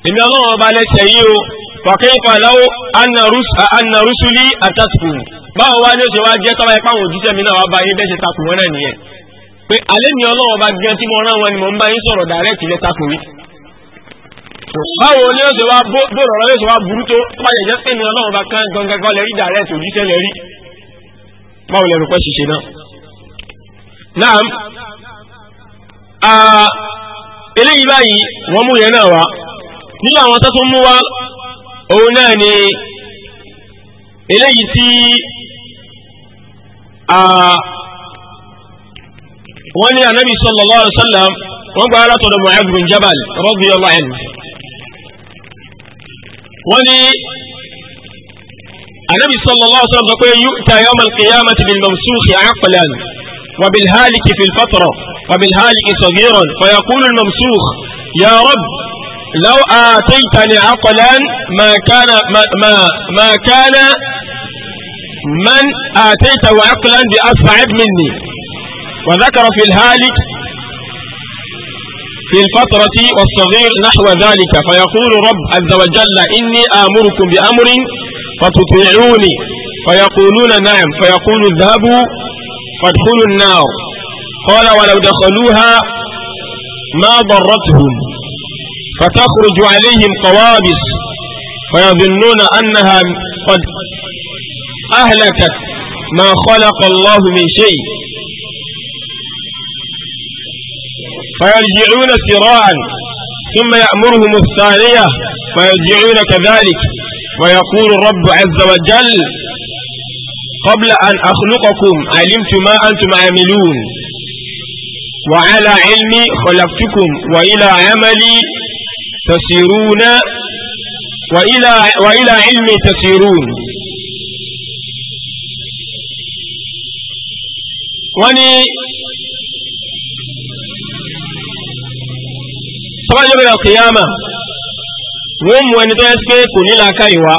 A: èmi ọlọ́run ọba lẹ́sẹ̀ yìí o fàkẹ́yìnfà láwọ́ anarusuli àtàtùkù báwo wá ní oṣù wa jẹ́ sábà ipá àwọn òjíṣẹ́ mi náà wá bá yín bẹ́ẹ̀ ṣe takò wọn náà nìyẹn pé alẹ́ mi ọlọ́run ọba gan tí mo rán wọn ni mo ń bá yín sọ̀rọ̀ dàrẹ́tì lẹ́ takò yìí báwo ni oṣù wa bó ọ̀rọ̀ yóò ṣe wá burú tó tó bá yẹ jẹ́ pé mi ọlọ́run ọba kan gangan lẹ́rí dàrẹ́tì òjíṣẹ́ lẹ́rí báwo lẹ́nu pẹ́ ṣiṣẹ́ náà. naam eléyìí báyìí wọ́n mú yẹn náà wá nínú àwọn tó tún mú wá òun náà ni eléyìí tí wọ́n ní anabi sallallahu alaihi wọ́n gba alátọ̀dọ̀ Mu'adh bin Jabal radiyallahu anhu wọ́n ní. النبي صلى الله عليه وسلم يقول يؤتى يوم القيامة بالممسوخ عقلا وبالهالك في الفترة وبالهالك صغيرا فيقول الممسوخ يا رب لو آتيتني عقلا ما كان ما ما, ما كان من آتيته عقلا بأصعب مني وذكر في الهالك في الفترة والصغير نحو ذلك فيقول رب عز وجل إني آمركم بأمر فتطيعوني فيقولون نعم فيقول اذهبوا فادخلوا النار قال ولو دخلوها ما ضرتهم فتخرج عليهم قوابس فيظنون أنها قد أهلكت ما خلق الله من شيء فيرجعون سراعا ثم يأمرهم الثانية فيرجعون كذلك فيقول الرب عز وجل قبل أن أخلقكم علمت ما أنتم عاملون وعلى علمي خلقتكم وإلى عملي تسيرون وإلى, وإلى علمي تسيرون وني طبعا يوم القيامة wọ́n mú ẹni tó yẹ pé kò ní làákàyè wá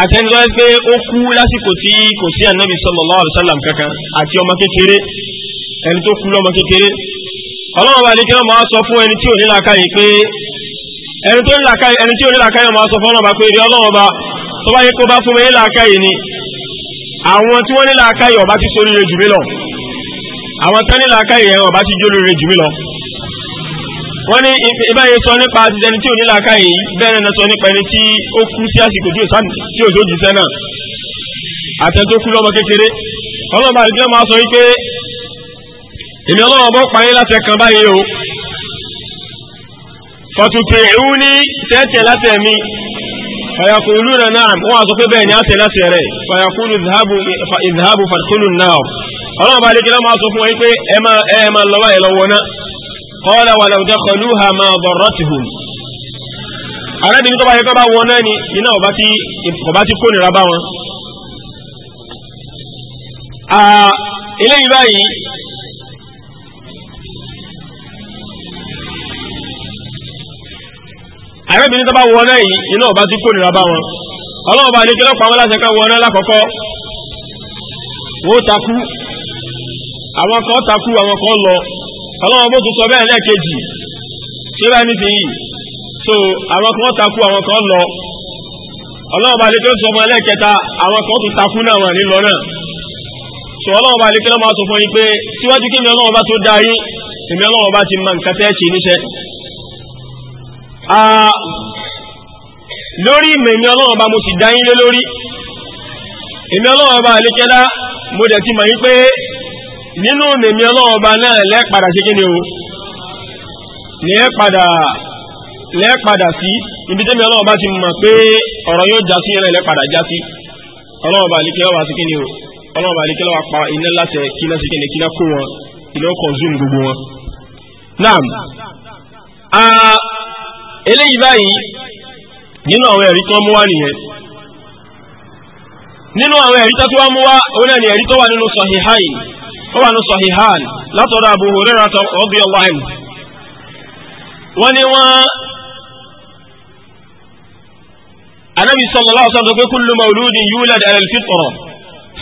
A: àti ẹni tó yẹ pé ó kú lásìkò tí kò sí ànábì sallallahu alaihi wasallam kankan àti ọmọ kékeré ẹni tó kú lọ́mọ kékeré ọlọ́run bá ní kí wọ́n máa sọ fún ẹni tí ò ní làákàyè pé ẹni tó ní làákàyè ẹni tí ò ní làákàyè máa sọ fún ọlọ́run bá pé ìdí ọlọ́run tó bá yẹ kó bá fún mi ní làákàyè ni àwọn tí wọ́n ní làákàyè ọba ti wọ́n ní ìbáyé sọ nípa àtijẹni tí ò ní làákà yìí bẹ́ẹ̀ náà sọ nípa ẹni tí ó kú sí àsìkò tí òjò jìṣẹ́ náà àtẹ tó kú lọ́mọ kékeré ọlọ́mọ àdìjọ́ máa sọ wípé èmi ọlọ́wọ́ bọ́ parí láti ẹ̀kan báyìí o fọ̀tùtù ìhú ní tẹ́tẹ̀ láti ẹ̀mí fàyàkùlù rẹ̀ náà wọ́n àsọ pé bẹ́ẹ̀ ni àtẹ̀ láti rẹ̀ fàyàkùlù ìzàbù fàtùlù náà ọlọ́mọ àdìjọ́ máa sọ fún wọn wípé ẹ máa lọ́wọ́ ẹ lọ́wọ́ náà qala walau dakhaluha ma darratuhum arábìnrin tó bá yẹ kó bá wọn náà ni iná ọba tí ọba tí kò nira bá wọn. eléyìí báyìí arábìnrin tó bá wọn náà yìí iná ọba tí kò nira bá wọn. ọlọ́wọ́ bá lè kílọ̀ pa wọn láti ẹ̀ka wọn náà lákọ̀ọ́kọ́ wọ́n takú àwọn kan takú àwọn kan lọ ọlọ́run bó tún sọ bẹ́ẹ̀ lẹ́ẹ̀kejì ṣé bá ní ti yìí so àwọn kan takú àwọn kan lọ ọlọ́run bá lè tó sọ fún ẹlẹ́ẹ̀kẹta àwọn kan tún takú náà wà nílọ náà so ọlọ́run bá lè kí lọ́mọ sọ fún yín pé síwájú kí mi ọlọ́run bá tó dá yín èmi ọlọ́run bá ti mọ nǹkan tẹ́ ṣe níṣẹ́ ah, lórí ìmẹ̀mí ọlọ́run bá mo sì dá yín lé lórí èmi ọlọ́run bá lè kẹ́lá mo dẹ̀ ti mọ̀ yín pé nínú mèmí ọlọ́run náà lẹ́ẹ̀padà ṣe kí ni o lẹ́ẹ̀padà lẹ́ẹ̀padà sí ibi tẹ́mi ọlọ́run ọba ti mọ̀ pé ọ̀rọ̀ yóò já sí yẹn náà lẹ́ẹ̀padà já sí ọlọ́run ọba ni o pa iná láti kíná sí kí ni kíná kó wọn iná consume gbogbo wọn. naam eléyìí báyìí nínú àwọn ẹ̀rí tó mú wá nìyẹn nínú àwọn ẹ̀rí tó wá mú wá òun náà ni ẹ̀rí tó wà nínú Sahihayn هو أنه صحيحان لا ترى أبو هريرة رضي الله عنه ونوى النبي صلى الله عليه وسلم كل مولود يولد على الفطرة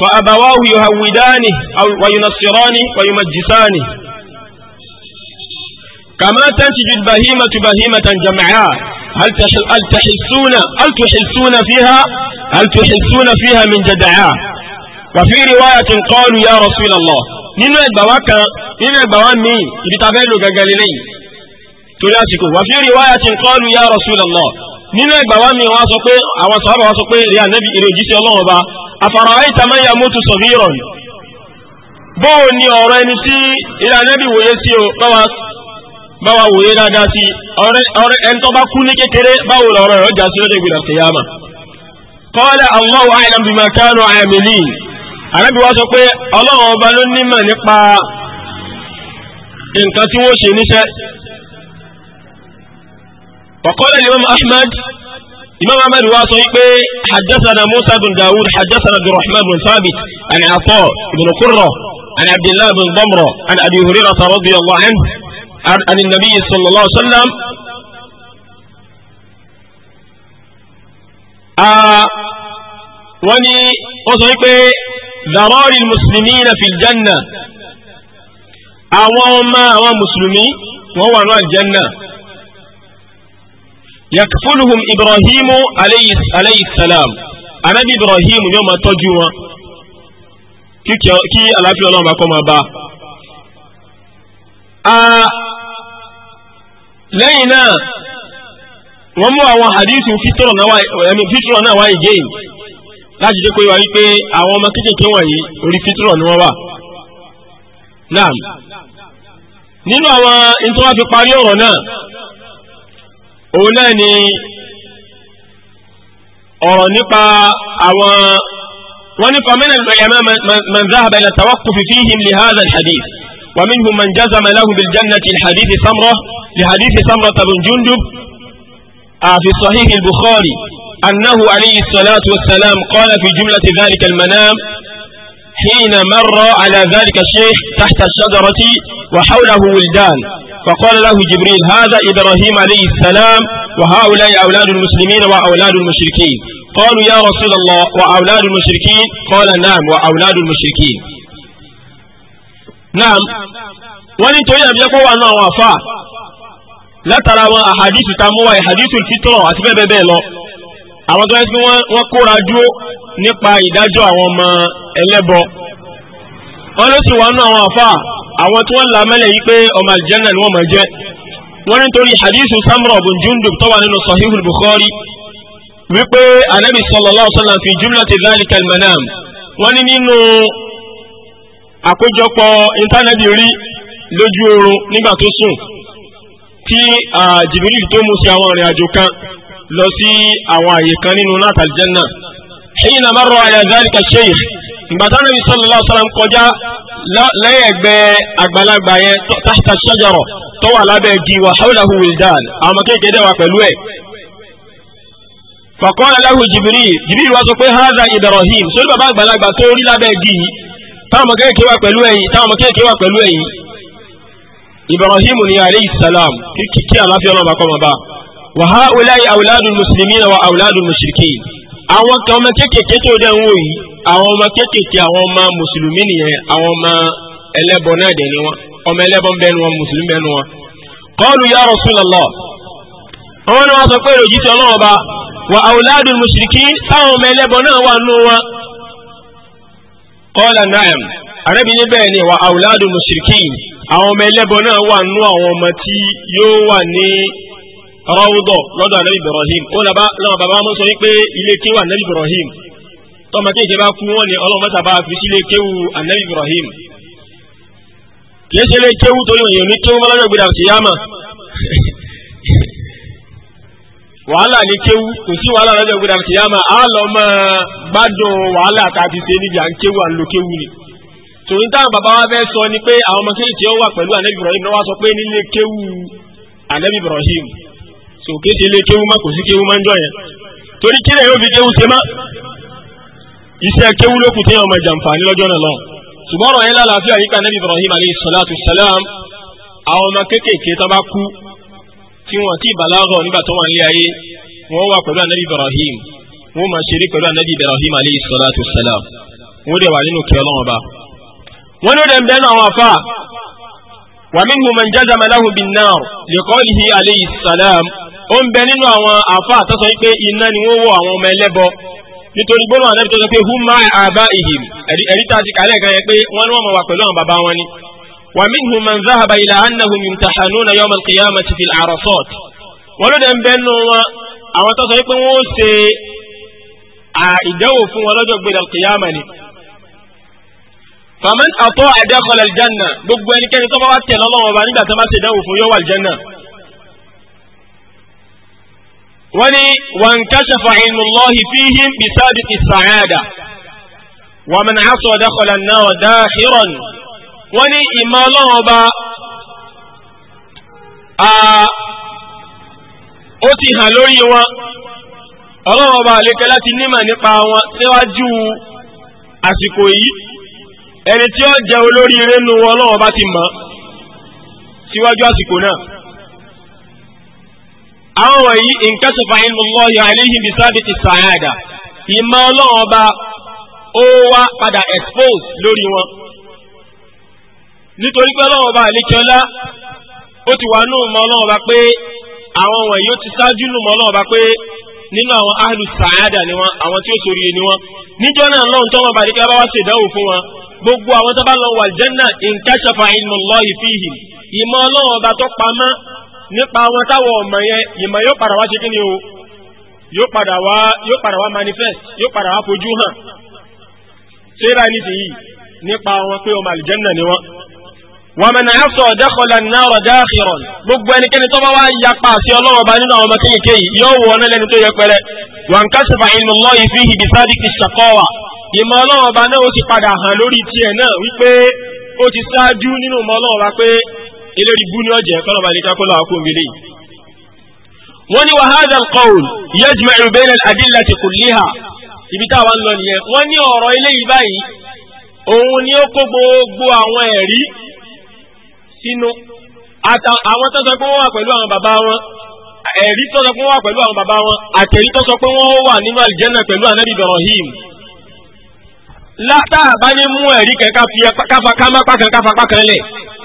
A: فأبواه يهودانه أو وينصرانه ويمجسانه كما تنتج البهيمة بهيمة جمعاء هل هل تحسون هل تحسون فيها هل تحسون فيها من جدعاء وفي رواية قالوا يا رسول الله nínú ẹgbà wa kan nínú ẹgbà wa míì ibi tá a fẹ́ lò gangan lélẹ́yìn torí àsìkò wà fi riwayatin qalu ya Rasulullah nínú ẹgbà wa míì wọn sọ pé àwọn sàhábà wọn sọ pé ìrìn ànábì ìrìn òjíṣẹ́ ọlọ́run ọba afara'ayta man yamutu saghiran bóò ni ọ̀rọ̀ ẹni tí ìrìn ànábì wòye sí o bá wòye dáadáa sí ọ̀rẹ́ ẹni tó bá kú ní kékeré báwo lọ̀rọ̀ rẹ̀ ọjà sí lọ́jọ́ ìgbìyànjú qiyama qala Allahu a'lam bima àrẹ́bí wa sọ pé ọlọ́run ọba ló nímọ̀ nípa nǹkan tí wọ́n ṣe níṣẹ́ وقال الإمام أحمد إمام أحمد واصيب حدثنا موسى بن داود حدثنا عبد الرحمن بن ثابت عن عطاء بن قرة عن عبد الله بن ضمرة عن أبي هريرة رضي الله عنه عن النبي صلى الله عليه وسلم آه وني واصيب dàrọ́rì mùsùlùmí na fi jẹ́nà àwọn ọmọ àwọn mùsùlùmí wọ́n wà ní àjẹ́nà yakfuluhum ibrahimu alayhi salam anabi ibrahimu ni ó máa tọ́jú wọn kí àlàáfíà ọlọ́run bá kọ́ máa bá a lẹ́yìn náà wọ́n mú àwọn hadithu fítọ̀rọ̀ náà wáyé gẹ́yìn láti jẹ́ pé wá wípé àwọn ọmọ kéékèèké wọ̀nyí orí fitrọ̀ ni wọ́n wà. naam nínú àwọn nítorí wọ́n fi parí ọ̀rọ̀ náà òun náà ni ọ̀rọ̀ nípa àwọn wọ́n nípa mẹ́nà ìmọ̀ man zahaba ila tawaqquf fihim li hadha al-hadith wa minhum man jazama lahu bil jannati al-hadith samra li hadith samra bin jundub fi sahih al-bukhari. أنه عليه الصلاة والسلام قال في جملة ذلك المنام حين مر على ذلك الشيخ تحت الشجرة وحوله ولدان فقال له جبريل هذا إبراهيم عليه السلام وهؤلاء أولاد المسلمين وأولاد المشركين قالوا يا رسول الله وأولاد المشركين قال نعم وأولاد المشركين نعم وإن يا أن أنا وفاء لا ترى أحاديث تاموة أحاديث الفطرة أتبع بيبه àwọn tó ń sìn wọ́n kóra dúró nípa ìdájọ́ àwọn ọmọ ẹlẹ́bọ wọ́n ló sì wà àwọn àfa àwọn tí wọ́n là mẹ́lẹ̀ yìí pé ọmọ àlìjẹ́nà ni wọ́n máa jẹ́ wọ́n nítorí hadithu samra bin jundub tó wà nínú sahihu bukhari wípé anabi sallallahu alaihi wasallam fi jumlati dhalika almanam wọ́n ní nínú àkójọpọ̀ intanẹti rí lójú oorun nígbà tó sùn tí jìbìrì tó mú sí àwọn ìrìn kan lọ sí àwọn àyè kan nínú náà tàlìjẹ́nà ṣéyìn náà bá rọ àyà zálìkà ṣéyìn ìgbàtà nàbí sallallahu alaihi wasallam kọjá lẹ́yẹ̀gbẹ́ àgbàlagbà yẹn tahta ṣájàrọ̀ tó wà lábẹ́ igi wa hawlahu wildan àwọn ọmọ kéèké dẹ́wà pẹ̀lú ẹ̀. faqala lahu Jibril Jibril wá sọ pé hadha Ibrahim sórí bàbá àgbàlagbà tó rí lábẹ́ igi yìí táwọn ọmọ kéèké wà pẹ̀lú ẹ̀yìn táwọn ọmọ wa àwùládùn mùsùlùmí náà wà àwùládùn mùṣìríkí àwọn kan Awọn kéékèèké tó dẹ̀ ń wò ma àwọn ọmọ kéékèèké ma ọmọ mùsùlùmí nìyẹn na ọmọ ẹlẹ́bọ náà dẹ̀ ni wọn ọmọ ẹlẹ́bọ ń bẹnu wọn mùsùlùmí bẹnu wọn. qalu ya Rasulullah àwọn náà wá sọ pé èròjì qala na'am ni rawdọ̀ lọ́dọ̀ anabi ibrahim kó laba lọ́wọ́ baba wọn sọ wípé ilé kéwù anabi ibrahim tọmọdé ìjẹba kú wọn ni ọlọ́run mẹ́ta fi sílé kéwù anabi ibrahim kìí ṣe lé kéwù tó yàn ní kéwù mọ́lọ́dọ̀ gbéra sí yáma wàhálà ní kéwù kò sí wàhálà lọ́dọ̀ gbéra sí yáma á lọ máa gbádùn wàhálà tá a ti ṣe níbi à ń kéwù à ń lo kéwù ni tòun táwọn bàbá wa fẹ́ sọ ni pé àwọn ọmọ kéèké wà pẹ̀lú anabi ibrahim náà wá sọ pé nílé kéwù anabi ibrahim so kéde ilé kéwú má kò sí kéwú má ń jọ yẹn torí kílẹ̀ yóò fi kéwú ṣe má iṣẹ́ kéwú ló kù téèyàn máa jàǹfààní lọ́jọ́ náà lọ ṣùgbọ́n ọ̀rọ̀ yẹn lálàáfíà nípa nẹ́bí Ibrahim alayhi salatu salam àwọn ọmọ kéékèèké tó bá kú tí wọn ti bàlágà nígbà tó wà nílé ayé wọn wà pẹ̀lú anabi Ibrahim wọn máa ṣeré pẹ̀lú anabi Ibrahim alayhi salatu salam wọn dẹ̀ wà nínú kí ọlọ́wọ́n wọn ó ń bẹ nínú àwọn àfa àtọ́sọ yìí pé iná ni wọ́n wọ àwọn ọmọ ẹlẹ́bọ nítorí gbọ́dọ̀ àwọn ẹ̀dẹ́bí tó sọ pé huma àbá ìhìm ẹ̀rí tá a ti kàlẹ́ kan yẹn pé wọ́n ní wọ́n mọ̀ wà pẹ̀lú àwọn bàbá wọn ni. wa minhum man zahaba ila annahum yumtahanuna yawm al-qiyamati fil arasat. wọ́n ló dẹ̀ bẹ́ nù wọn àwọn tó sọ pé wọ́n ṣe ìdánwò fún wọn lọ́jọ́ gbẹ̀dẹ̀ faman atọ́ dakhala al-janna gbogbo ẹnikẹ́ni tó bá wá tẹ̀ lọ́wọ́ wọ́n ní wọ́n kásàfà ìmúlọ́hì fíhìm bí sábìtì sàáàdà wọ́n mẹ́nà àṣọ dákọ̀lá náà dáhìrọ̀n wọ́n ní ìmọ̀ ọlọ́run ọba ó ti hàn lórí wọn ọlọ́run ọba àlékẹ́ láti nímọ̀ nípa wọn síwájú àsìkò yìí ẹni tí ó jẹ́ olóríire nu ọlọ́run ọba ti mọ̀ síwájú àsìkò náà. àwọn wọ̀nyí nǹkan tó fa ilmu Allahi alayhim bí sábìtì sàáyàdà ìmọ̀ ọlọ́run ọba ó wá padà expose lórí wọn nítorí pé ọlọ́run ọba ó ti wà nù mọ́ ọba pé àwọn wọ̀nyí ó ti ṣáájú nù mọ́ ọlọ́run ọba pé nínú àwọn ahlu sàáyàdà ni wọn àwọn tí ó sori ni wọn níjọ́ náà lọ́run wọn ọba àlékiọlá bá wá gbogbo àwọn tó bá lọ wà in kashafa nípa wọn táwọn ọmọ yẹn ìmọ̀ yóò padà wá ṣe kí ni o yóò padà wá yóò padà wá manifest yóò padà wá fojú hàn ṣéra ní ti yìí nípa wọn pé ọmọ àlìjẹ́nà ni wọn. wọ́n mẹ́nà ẹ̀ sọ ọ̀dẹ́kọ̀lá náà ọ̀dá àkìrọ̀n gbogbo ẹnikẹ́ni tó bá wá yapa àti ọlọ́wọ́ bá nínú àwọn ọmọ kéèké yìí yóò wọ ọ́nà lẹ́ni tó yẹ pẹ́rẹ́ wọn ká sọ̀fà inú lọ́ ìfi ìdí sádìkì ṣàkọ́wà ìmọ̀ ọlọ́wọ́ bá náà ó ti padà hàn lórí tiẹ̀ náà wípé ó ti ṣáájú nínú ọmọ ọlọ́wọ́ bá pé elórí bú ní ọ̀jẹ̀ kọ́nà balẹ̀ ká kọ́nà àkó mi léyìí. wọ́n ní wàhálà kọ́ọ̀l yajma'u bayna al-adilla kulliha ibi táwa ń lọ nìyẹn wọ́n ní ọ̀rọ̀ eléyìí báyìí òun ni ó kó gbogbo àwọn ẹ̀rí sínú àwọn tó sọ pé wọ́n wà pẹ̀lú àwọn bàbá wọn ẹ̀rí tó sọ pé wọ́n wà pẹ̀lú àwọn bàbá wọn àtẹ̀rí tó sọ pé wọ́n wà nínú àlìjẹ́nà pẹ̀lú ànábì látàbá ní mú ẹ̀rí kan káfapá kan káfapá kan lẹ̀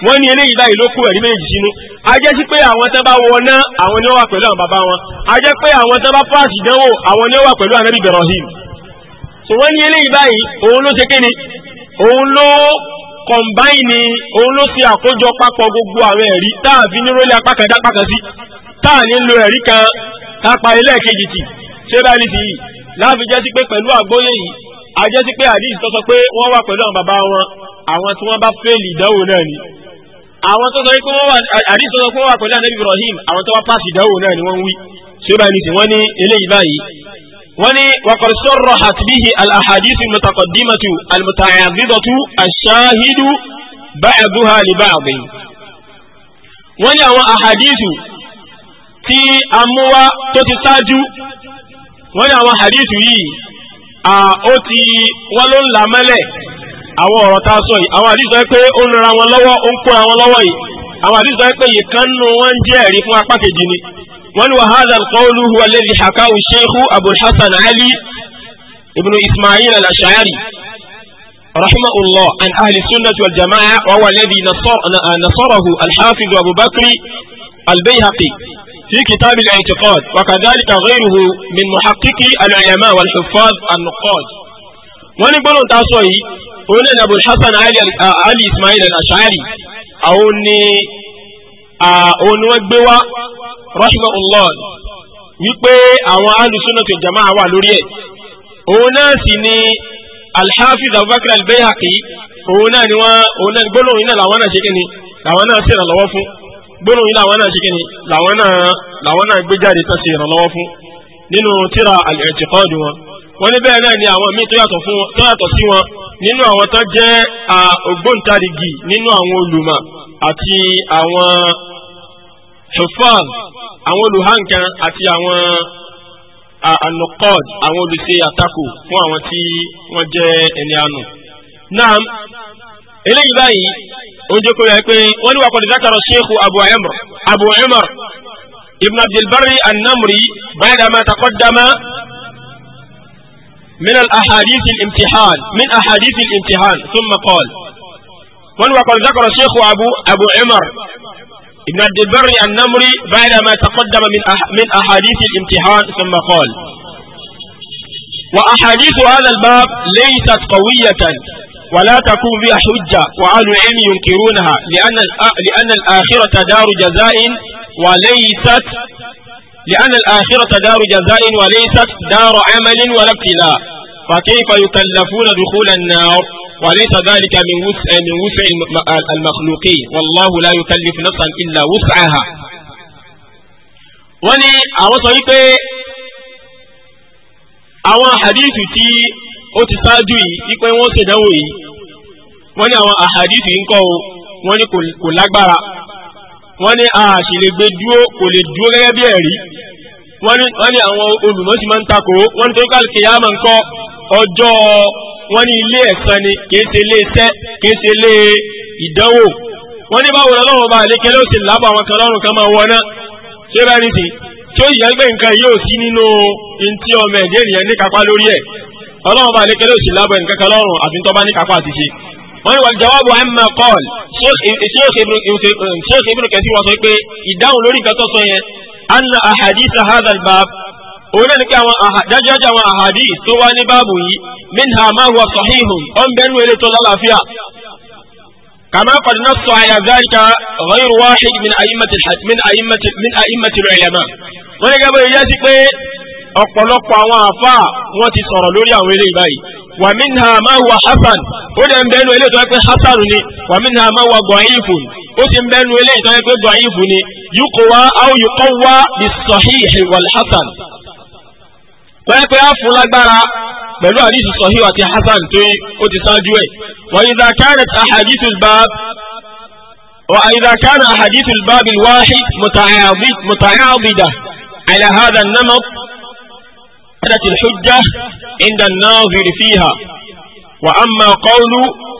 A: wọ́n ní eléyìí báyìí ló kó ẹ̀rí méjì sínú a jẹ́ sí pé àwọn tán bá wọná àwọn ni ó wà pẹ̀lú àwọn bàbá wọn a jẹ́ pé àwọn tán bá fáàsì dánwò àwọn ni ó wà pẹ̀lú anabi Ibrahim so wọ́n ní eléyìí báyìí òun ló ṣe kéde òun ló kọ̀m̀báìnì òun ló ṣe àkójọ papọ̀ gbogbo àwọn ẹ̀rí táàfin nírólé apákàndá pàkàn sí táà ní lo ẹ̀rí kan tápa ilé ẹ̀kejì tì ṣé báyìí ti yìí láàfin jẹ́ sí pé pẹ̀lú àgbóyè yìí àjẹsí pé àdìs tó sọ pé wọ́n wà pẹ̀lú àwọn bàbá wọn àwọn tí wọ́n bá fẹ́ẹ̀lì ìdánwò náà ni àwọn tó sọ pé wọ́n wà àdìs tó pé wọ́n wà pẹ̀lú ànábì Ibrahim àwọn tó wá pàṣẹ ìdánwò náà ni wọ́n wí tí ó bá ní sìn wọ́n ní eléyìí báyìí wọ́n ní waqad sarrahat bihi al-ahadith al-mutaqaddimatu al wọ́n ní àwọn àhàdìsù tí a tó ti ṣáájú wọ́n ní àwọn àhàdìsù yìí ó ti wọ́n ló ń là mẹ́lẹ̀ àwọn ọ̀rọ̀ tá a sọ yìí àwọn àdìsọ pé ó ń ra wọn lọ́wọ́ ó ń kó ra wọn lọ́wọ́ yìí àwọn àdìsọ pé ìkan nù wọ́n ń jẹ́ ẹ̀rí fún apá kejì ni wọ́n ní wàhálà kọ́ọ̀lù huwa alladhi hakahu sheikhu abul hasan ali ibn ismail al-ashari رحمه الله عن أهل السنة والجماعة وهو الذي نصر نصره الحافظ أبو بكر البيهقي في كتاب الاعتقاد وكذلك غيره من محققي العلماء والحفاظ النقاد wọ́n ní gbọ́dọ̀ ta sọ yìí òun náà nàbọ̀ hasan ali ali ismail al-ashari àwọn ni òun ni wọ́n gbé wá rahimahullah wípé àwọn alùsùnàtì jama'a wà lórí ẹ̀ òun náà sì ni alhafiz abubakar albayhaqi òun náà ni wọ́n òun náà gbọ́dọ̀ yìí náà làwọn náà ṣe kí ni làwọn náà ṣèrànlọ́wọ́ fún. gbólóhùn yìí làwọn náà ṣe kíni làwọn náà gbé jáde tán ṣe ìrànlọ́wọ́ fún nínú tíra wọn wọ́n ní bẹ́ẹ̀ náà ni àwọn míì tó yàtọ̀ sí wọn nínú àwọn tán jẹ́ ògbóǹtarìgì nínú àwọn olùmọ̀ àti àwọn ṣòfàn àwọn olùhànkan àti àwọn awọn àwọn olùṣe àtakò fún àwọn tí wọn jẹ́ ẹni àánú. náà eléyìí ó jẹ́ kó yẹ pé wọ́n ní wàkọ̀dé zákàrọ̀ sheikh abu amr abu umar ibn abdulbari annamri báyìí ma taqaddama من الأحاديث الامتحان من أحاديث الامتحان ثم قال من وقد ذكر الشيخ أبو أبو عمر ابن عبد البر النمري بعد ما تقدم من أح من أحاديث الامتحان ثم قال وأحاديث هذا الباب ليست قوية ولا تكون بها حجة وأهل العلم ينكرونها لأن آه، لأن الآخرة دار جزاء وليست لأن الآخرة دار جزاء وليست دار عمل ولا ابتلاء فكيف يكلفون دخول النار وليس ذلك من وسع من وسع المخلوقين والله لا يكلف نفسا إلا وسعها وني أوصيك أو hadithu tí ó ti ṣáájú yìí wípé wọ́n ṣèdánwò yìí wọ́n ní àwọn àhàdìsì ń kọ́ o wọ́n ní kò lágbára wọ́n ní àṣìlẹ̀gbẹ́ dúró kò lè dúró gẹ́gẹ́ bí ẹ̀rí wọ́n ní àwọn olùmọ̀ sì máa ń takò wọ́n ní tó kálí kìyàmà ń kọ́ ọjọ́ wọ́n ní ilé ẹ̀san ni kìí ṣe ilé iṣẹ́ kìí ṣe ilé ìdánwò wọ́n ní báwo lọ́wọ́ bá àlékẹ́ ló sì lábọ̀ àwọn kan lọ́rùn kan máa wọná ṣé bá ní sìn tí ó nǹkan yóò sí nínú ntí ọmọ ẹ̀dẹ́ ènìyàn ní kápá lórí ẹ̀ ọlọ́run bá lékelé òsì lábọ̀ ẹnì kankan lọ́rùn àbí tó bá ní kápá àti ṣe. wọ́n ní wàlú jawabu amma qal ṣéèkì ibùdó kẹsí wọn sọ pé ìdáhùn lórí nǹkan sọ yẹn anna ahadith hadha albab òun náà ní pé àwọn dájúdájú àwọn ahadith tó wá ní báàbù yìí minha ma huwa ọ̀nbẹ́nu eré tó lálàáfíà كما قد نص على ذلك غير واحد من أئمة من أئمة من أئمة wọ́n ní ká ọ̀pọ̀lọpọ̀ àwọn àfà wọ́n ti sọ̀rọ̀ lórí àwọn eré ìbáyìí wa minha ma huwa hasan ó dẹ̀ ń bẹ́nu eléyìí tó yẹ pé hasan ni wa minha ma huwa da'ifun ó ti ń bẹ́nu eléyìí tó yẹ pé da'ifun ni yuqwa aw yuqawwa bis-sahih wal-hasan. wọ́n pẹ́ àfún lágbára pẹ̀lú àdìsí sahih àti hasan tó ó ti ṣáájú ẹ̀ wa idha kanat ahadithul bab وإذا كان أحاديث الباب الواحد متعاضدة على هذا النمط كانت الحجة عند الناظر فيها وأما قول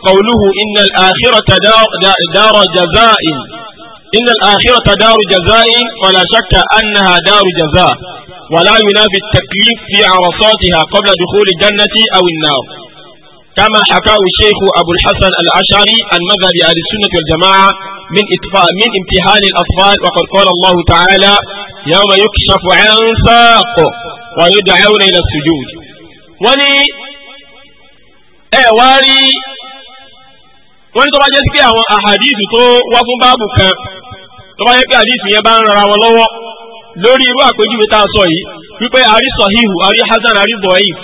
A: قوله إن الآخرة دار, دار جزاء إن الآخرة دار جزاء فلا شك أنها دار جزاء ولا ينافي التكليف في عرصاتها قبل دخول الجنة أو النار كما حكاه الشيخ أبو الحسن الأشعري عن أهل السنة والجماعة من إطفاء من امتحان الأطفال وقد قال الله تعالى يوم يكشف عن ساق wa yud'awna ila sujud wani ní ẹ wá rí wọ́n ní tó bá jẹ́ sí pé àwọn àhàdíìsì tó fún báàbù kan tó bá jẹ́ pé àdíìsì yẹn bá ń rara wọn lọ́wọ́ lórí irú àpèjúwe tá a sọ yìí Ari àrí sọ̀híhù àrí hasan Ari dọ̀ẹ́yìn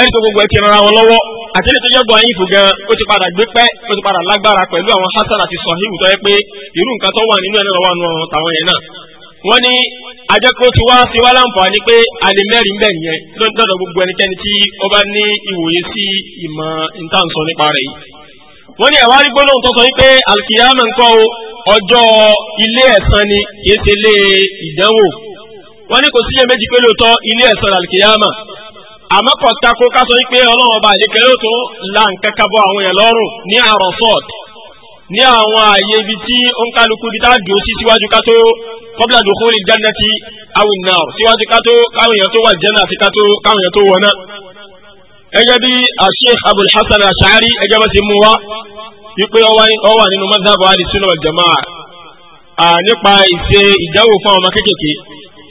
A: ẹni tó gbogbo ẹ̀kí rara wọn lọ́wọ́ àti ẹni tó jẹ́ dọ̀ẹ́yìn gan ti padà gbé pẹ́ ti padà lagbara pẹ̀lú àwọn hasan àti sọ̀híhù wọ́n ní ajẹ́kó ti wá sí wá láǹfààní pé alẹ́ mẹ́rin bẹ́ẹ̀ yẹn lọ́dọ̀ gbogbo ẹnikẹ́ni tí ó bá ní ìwòye sí ìmọ̀ ìtànsọ nípa rẹ̀ yìí. wọ́n ní àwárí gbólóhùn tó sọ wípé alkiyama ń kọ́ o ọjọ́ ilé ẹ̀san ni kì í ṣe ilé ìdánwò. wọ́n ní kò síyẹ méjì pé lóòótọ́ ilé ẹ̀san alkiyama. àmọ́ kọ̀ọ̀ta kó ká sọ wípé ọlọ́run ọba àdékẹ́lẹ́ ní àwọn ààyè ibi tí ó ń kálukú ibi tá a dùn sí síwájú ká tó kọ́bílà dùn kúrò ìjánná ti àwọn náà síwájú ká tó káwọn èèyàn tó wà ìjánná àti káwọn èèyàn tó wọná. ẹgẹ́ bí Sheikh Abul Hasan Ash'ari ẹgẹ́ bá ti mú wa wípé ó wà nínú mazhab Ahlus Sunnah wal Jama'ah nípa ìṣe ìdáwò fún àwọn ọmọ kéékèèké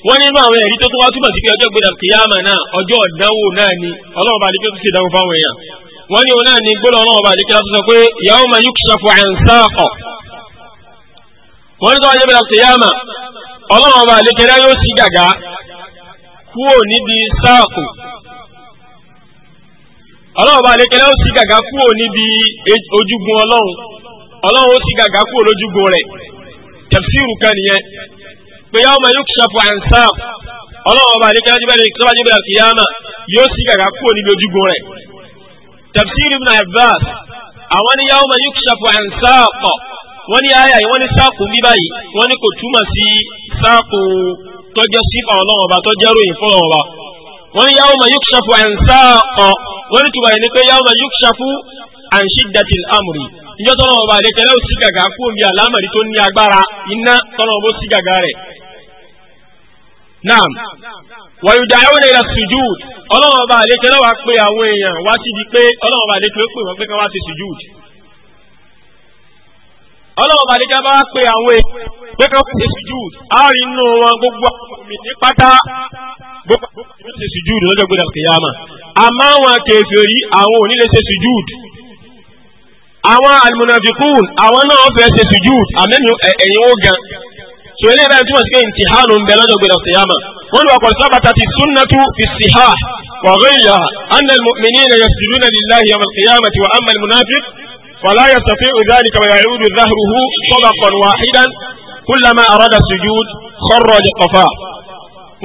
A: wọ́n nínú àwọn ẹ̀rí tó tún wá túbọ̀ sí pé ọjọ́ gbẹdàkìyàmà náà ọjọ́ ọ̀dánwò náà ni ọlọ́run bá ní pé tó ṣe ìdánwò fáwọn èèyàn wọ́n ní òun náà ní gbọ́dọ̀ náà ọba àdékẹ́lá tó sọ pé yawma yukshafu an saq wọ́n ní tó wáyé bẹ̀rẹ̀ kìyàmà ọlọ́run ọba àdékẹ́lá yóò sì gàgá kúò níbi sáàkù ọlọ́run ọba àdékẹ́lá yóò sì gàgá kúò níbi ojúgun ọlọ́run ọlọ́run ó sì gàgá kúò lójúgun rẹ̀ tafsiru kan nìyẹn pé yawma yukshafu an saq ọlọ́run ọba àdékẹ́lá yóò sì gàgá kúò níbi ojúgun rẹ̀ tafsir ibn abbas àwọn ni yawma yukshafu an saq wọ́n ní àyà yìí wọ́n ní sáàkù bí báyìí wọ́n ní kò túmọ̀ sí sáàkù tọ́jọ́ sífà ọlọ́run ọba tọ́jọ́ ròyìn fún ọlọ́run ọba wọ́n ní yawma yukshafu an saq wọ́n ní tùbà ni pé yawma yukshafu an shiddatil amri ìjọ tọ́nà ọba àdékẹ́lẹ́ ò sí gàgà kú omi àlámàrí tó ní agbára iná tọ́nà ọba sí gàgà rẹ̀. naam wàyùdáyàwó ní ilẹ̀ sùjúd ọlọ́run ọba àlékè lọ́wọ́ pé àwọn èèyàn wá síbi pé ọlọ́run ọba àlékè pè wọ́n pé ká wá sí sùjúd ọlọ́run ọba àlékè bá wá pé àwọn èèyàn pé ká wá sí sùjúd àárín inú wọn gbogbo àmì pátá gbogbo àmì ṣe sùjúd lọ́jọ́ gbọdọ̀ kìyàmà àmọ́ àwọn kèfèrí àwọn ò ṣe sùjúd àwọn almunafikun àwọn náà fẹ́ ṣe sùjúd àmẹ́ni so eléyìí báyìí túmọ̀ sí pé ntìhánu ń bẹ lọ́jọ́ gbẹdọ̀ sèyámà wọ́n lù ọkọ̀ sábàtà ti sunnatu fi sihá wàhíyà anna al-mu'minina yasjuduna lillahi yawm al-qiyamati wa amma al-munafiq fala yastati'u dhalika wa ya'udu dhahruhu tabaqan wahidan kullama arada sujud kharra liqafa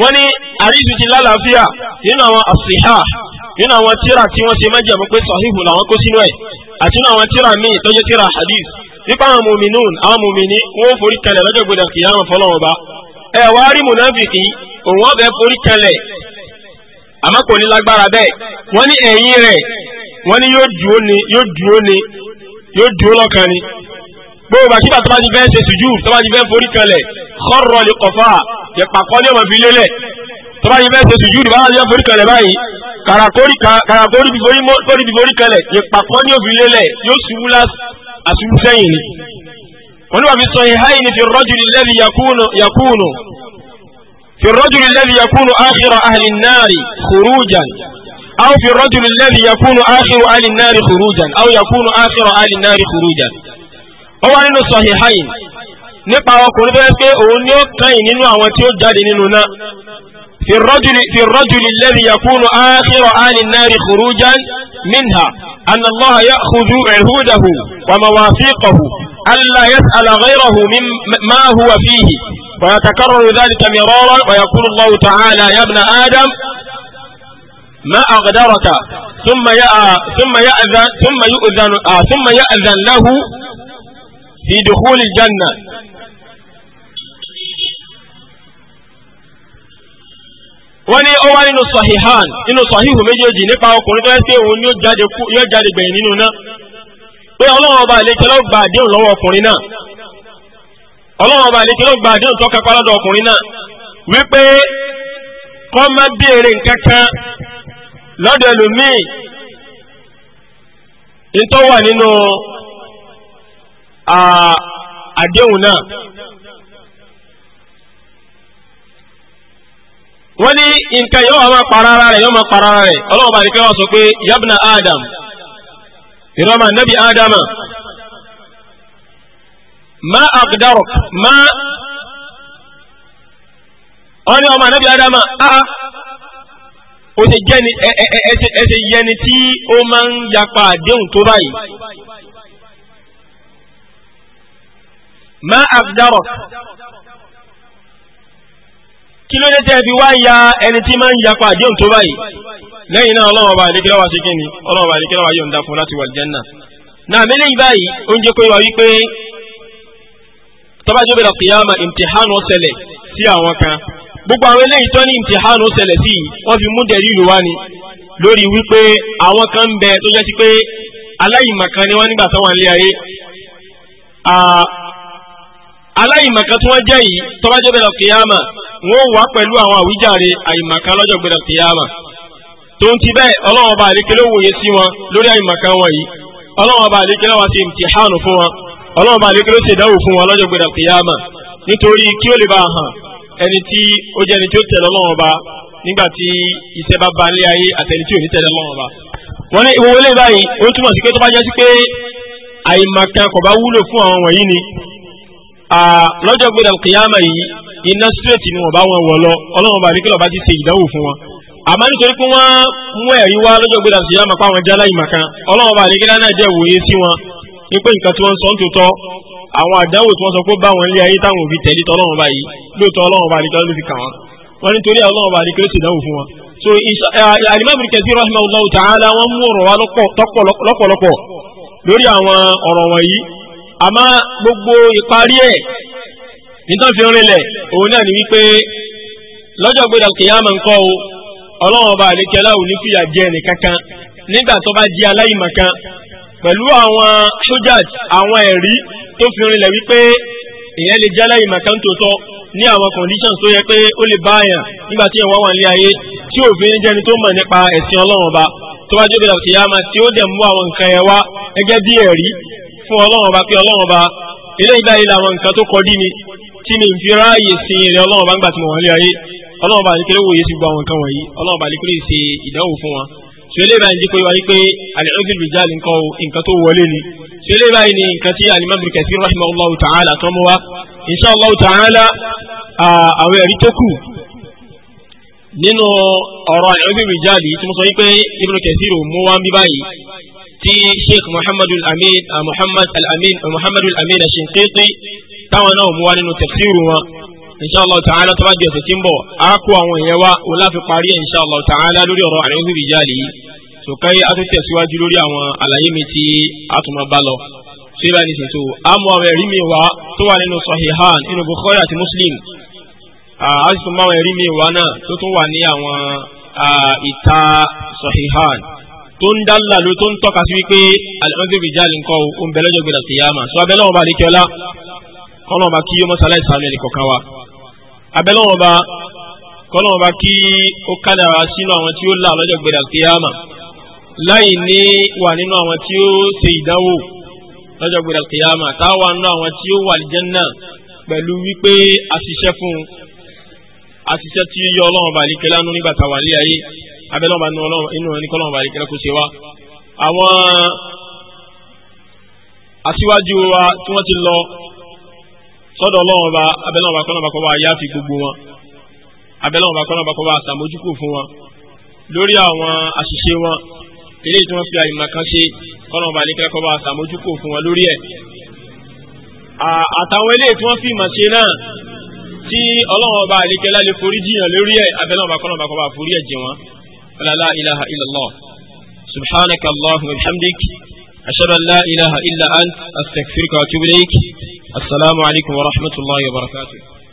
A: wọ́n ní àríṣù ti lálàáfíà nínú àwọn àṣìhá nínú àwọn tíra tí wọ́n ṣe májàmú pé sàhíhù làwọn kó sínú ẹ̀ àti nínú àwọn tíra míì tó tíra hadith nípa àwọn mùmínún àwọn mùmíní wọn ó forí kalẹ̀ lọ́jọ́ gbọdọ̀ kìí àwọn fọlọ́wọ́n bá ẹ wá rí mùnàfìkì òun ọbẹ̀ forí kalẹ̀ àmọ́ kò ní lágbára bẹ́ẹ̀ wọ́n ní ẹ̀yìn rẹ̀ wọ́n ní yóò dúró ni yóò dúró ni yóò dúró lọ́kàn ni gbogbo bàkíbà tó bá ti fẹ́ ṣe sùjú tó bá ti forí kalẹ̀ kọ́rọ̀ ni kọ̀fà yẹ̀pàkọ́ ni ọmọ fi lélẹ̀ tó bá ti ṣe sùjú tó bá forí kalẹ̀ báyìí karakori karakori bifori bifori kalẹ̀ yẹ̀pàkọ́ ni ó fi lélẹ̀ yóò ṣubú lásán àtúbù sẹ́yìn ni wọ́n ní wà fi sahihaini fi rajuli alladhi yakunu yakunu في الرجل الذي يكون آخر أهل النار خروجا أو في الرجل الذي يكون آخر أهل النار خروجا أو يكون آخر أهل النار خروجا هو أنه صحيحين nípa ọkùnrin bẹ́ẹ̀ pé òun ni ó kàn nínú àwọn tí ó jáde nínú náà في الرجل في الرجل الذي يكون آخر آل النار خروجا منها أن الله يأخذ عهوده ومواثيقه ألا يسأل غيره مما هو فيه ويتكرر ذلك مرارا ويقول الله تعالى يا ابن آدم ما أغدرك ثم يأ ثم يأذن ثم يؤذن آه، ثم يأذن له في دخول الجنة wọ́n ní ó wá nínú sahihan nínú sahihu méjèèjì nípa ọkùnrin tó yẹ pé òun yóò jáde kú yóò jáde gbẹ̀yìn nínú náà pé ọlọ́run ọba àlejò ló gba àdéhùn lọ́wọ́ ọkùnrin náà ọlọ́run ọba àlejò ló gba àdéhùn tó kápá lọ́dọ̀ ọkùnrin náà wípé kọ́ má béèrè nǹkan kan lọ́dọ̀ ẹlòmíì nítọ́ wà nínú àdéhùn náà. wọ́n ní nǹkan yóò wá máa para ara rẹ̀ yóò máa para ara rẹ̀ ọlọ́wọ́ bá rí pé wọ́n sọ pé yabna adam ìrọ́mà nabi adama ma agdarok ma wọ́n ní ọmọ nabi adama a ó ṣe jẹ́ni ẹ̀ṣẹ̀ yẹni tí ó máa ń yapa àdéhùn tó báyìí ma agdarok kí ló dé tẹ́ fi wá ya ẹni tí máa ń yapa àdéhùn tó báyìí lẹ́yìn náà ọlọ́run ọba àdékẹ́lá wa ṣe kí ni ọlọ́run ọba àdékẹ́lá wa yóò ń da fún láti wà lìjẹ́nà náà mẹ́lẹ́ yìí báyìí ó ń jẹ́ pé wà wípé tọ́bájú bẹ̀rẹ̀ kìyàmà ìmtìhánù ṣẹlẹ̀ sí àwọn kan gbogbo àwọn eléyìí tó ní ìmtìhánù ṣẹlẹ̀ sí wọ́n fi mú dẹ̀rí ìlú wá ni lórí wípé àwọn kan bẹ tó jẹ́ sí pé aláìmọ̀kan ni wọ́n nígbà wọ́n wà pẹ̀lú àwọn àwíjàre àìmàkà lọ́jọ́ gbẹdọ̀ kìyàmà tó ń ti bẹ́ẹ̀ ọlọ́wọ́n bá àlékelé wòye sí wọn lórí àìmàkà wọn yìí ọlọ́wọ́n bá àlékelé wa ṣe ìmtìhánù fún wọn ọlọ́wọ́n bá àlékelé ṣe ìdánwò fún wọn lọ́jọ́ gbẹdọ̀ kìyàmà nítorí kí ó lè bá hàn ẹni tí ó jẹ́ ẹni tí ó tẹ̀lé ọlọ́wọ́n bá nígbà tí iṣẹ́ bá ba ilé ayé àtẹni tí ò ní tẹ̀lé ọlọ́wọ́n bá wọn ní ìwòwélé lọ́jọ́ gbé dàbí kìyàmà yìí iná straight ni wọ́n bá wọn wọ̀ lọ ọlọ́run bá àdékẹ́lọ́ bá ti ṣe ìdánwò fún wọn àmọ́ nítorí pé wọ́n mú ẹ̀rí wá lọ́jọ́ gbé dàbí kìyàmà pa àwọn jálá ìmàkan ọlọ́run bá àdékẹ́lọ́ náà jẹ́ wòye sí wọn ní pé nǹkan tí wọ́n ń sọ ń tòótọ́ àwọn àdánwò tí wọ́n sọ pé bá wọn lé ayé táwọn òbí tẹ̀lé tọ́lọ́run bá yìí lóòótọ́ ọlọ́run bá àdékẹ́lọ́ ló fi kà wọ́n wọ́n nítorí àmọ́ gbogbo ìparí ẹ̀ nítorí fi rinlẹ̀ òun náà ni wípé lọ́jọ́ gbéra kìyàmù ńkọ́ o ọlọ́run ọba àlékẹ́ aláwo ní fìyà jẹ nìkankan nígbà tó bá di aláìmọ̀kan pẹ̀lú àwọn sójàt àwọn ẹ̀rí tó fi rinlẹ̀ wípé èèyàn lè jẹ́ aláìmọ̀kan tòótọ́ ní àwọn conditions tó yẹ pé ó lè bá àyàn nígbà tí ìwọ́n wà ní ayé tí òfin jẹ́ni tó mọ̀ nípa ẹ̀sìn ọlọ́run ọba tó bá jókòó dàbí kìyàmù tí ó dẹ̀ mú àwọn nǹkan ẹ̀ wá gẹ́gẹ́ bí ẹ̀rí fún ọlọ́run ọba pé ọlọ́run ọba eléyìí báyìí làwọn nǹkan tó kọdí ni tí mi fi ráàyè sin èrè ọlọ́run ọba ńgbà tí mo wà ní ayé ọlọ́run ọba àlekèrè wòye sí gbogbo àwọn nǹkan wọ̀nyí ọlọ́run ọba àlekèrè ṣe ìdánwò fún wọn tí eléyìí báyìí dípò wáyé pé àlẹ́rọ́fì rìjáàl nǹkan nǹkan tó wọlé ni tí eléyìí báyìí ni nǹkan tí alimami kẹsí rahimahullahu ta'ala tí sheikh muhammadu al-amin ah, muhammad al-amin ah, muhammadu al-amin al-shinqiti táwọn náà mú wa nínú tafsiru wọn inshallah ta'ala tó bá di ọ̀sẹ̀ tí ń bọ̀ á kó àwọn èèyàn wa òun láfi parí inshallah ta'ala lórí ọ̀rọ̀ àríwú ìjáde yìí sòkáyé á tún tẹ̀síwájú lórí àwọn àlàyé mi tí a tún máa bá lọ ṣé bá ní ṣètò á mú àwọn ẹ̀rí mi wá tó wà nínú sahihan nínú bukhari àti muslim a sì tún mú àwọn ẹ̀rí mi wá náà tó tún wà ní àwọn ìta sahihan tó ń dálà ló tó ń tọ́ka sí wípé alimọ́tò bíi jáde nǹkan o ń bẹ lọ́jọ́ gbẹdọ̀ sí yàmà so abẹ́lẹ́ wọn bá àdékẹ́ ọlá kọ́nà ọba kí yọmọ sálẹ̀ sàmì ẹnì kọ̀ọ̀kan wa abẹ́lẹ́ wọn bá kọ́nà ọba kí ó kádàrá sínú àwọn tí ó là lọ́jọ́ gbẹdọ̀ sí yàmà láì ní wà nínú àwọn tí ó ṣe ìdánwò lọ́jọ́ gbẹdọ̀ sí yàmà táwa nínú àwọn tí ó wà lìjẹ́nà pẹ̀lú wípé àṣìṣe fún àṣìṣe tí yọ ọlọ́run ọba àdékẹ́ lánú nígbà táwa lé ayé abẹ́lọ́ba inú ọlọ́run inú ẹni kọ́lọ́run bá yẹ kẹ́lẹ́ kó ṣe wá. àwọn aṣíwájú wa tí wọ́n ti lọ sọ́dọ̀ ọlọ́run bá abẹ́lọ́ba kọ́lọ́ba kọ́ bá yá fi gbogbo wọn abẹ́lọ́ba kọ́lọ́ba kọ́ bá ṣàmójúkù fún wọn lórí àwọn àṣìṣe wọn eré tí wọ́n fi àyìnbá kan ṣe kọ́lọ́ba yẹ kẹ́lẹ́ kọ́ bá ṣàmójúkù fún wọn lórí ẹ̀ àtàwọn ilé tí wọ́n fi mà ṣe náà tí ọlọ́run ọba àlékẹ́lá lè forí jiyàn lórí ẹ̀ abẹ́lọ́ba kọ́lọ́ba kọ́ bá forí ẹ̀ jì wọ́n فلا لا إله إلا الله سبحانك اللهم وبحمدك أشهد أن لا إله إلا أنت أستغفرك وأتوب إليك السلام عليكم ورحمة الله وبركاته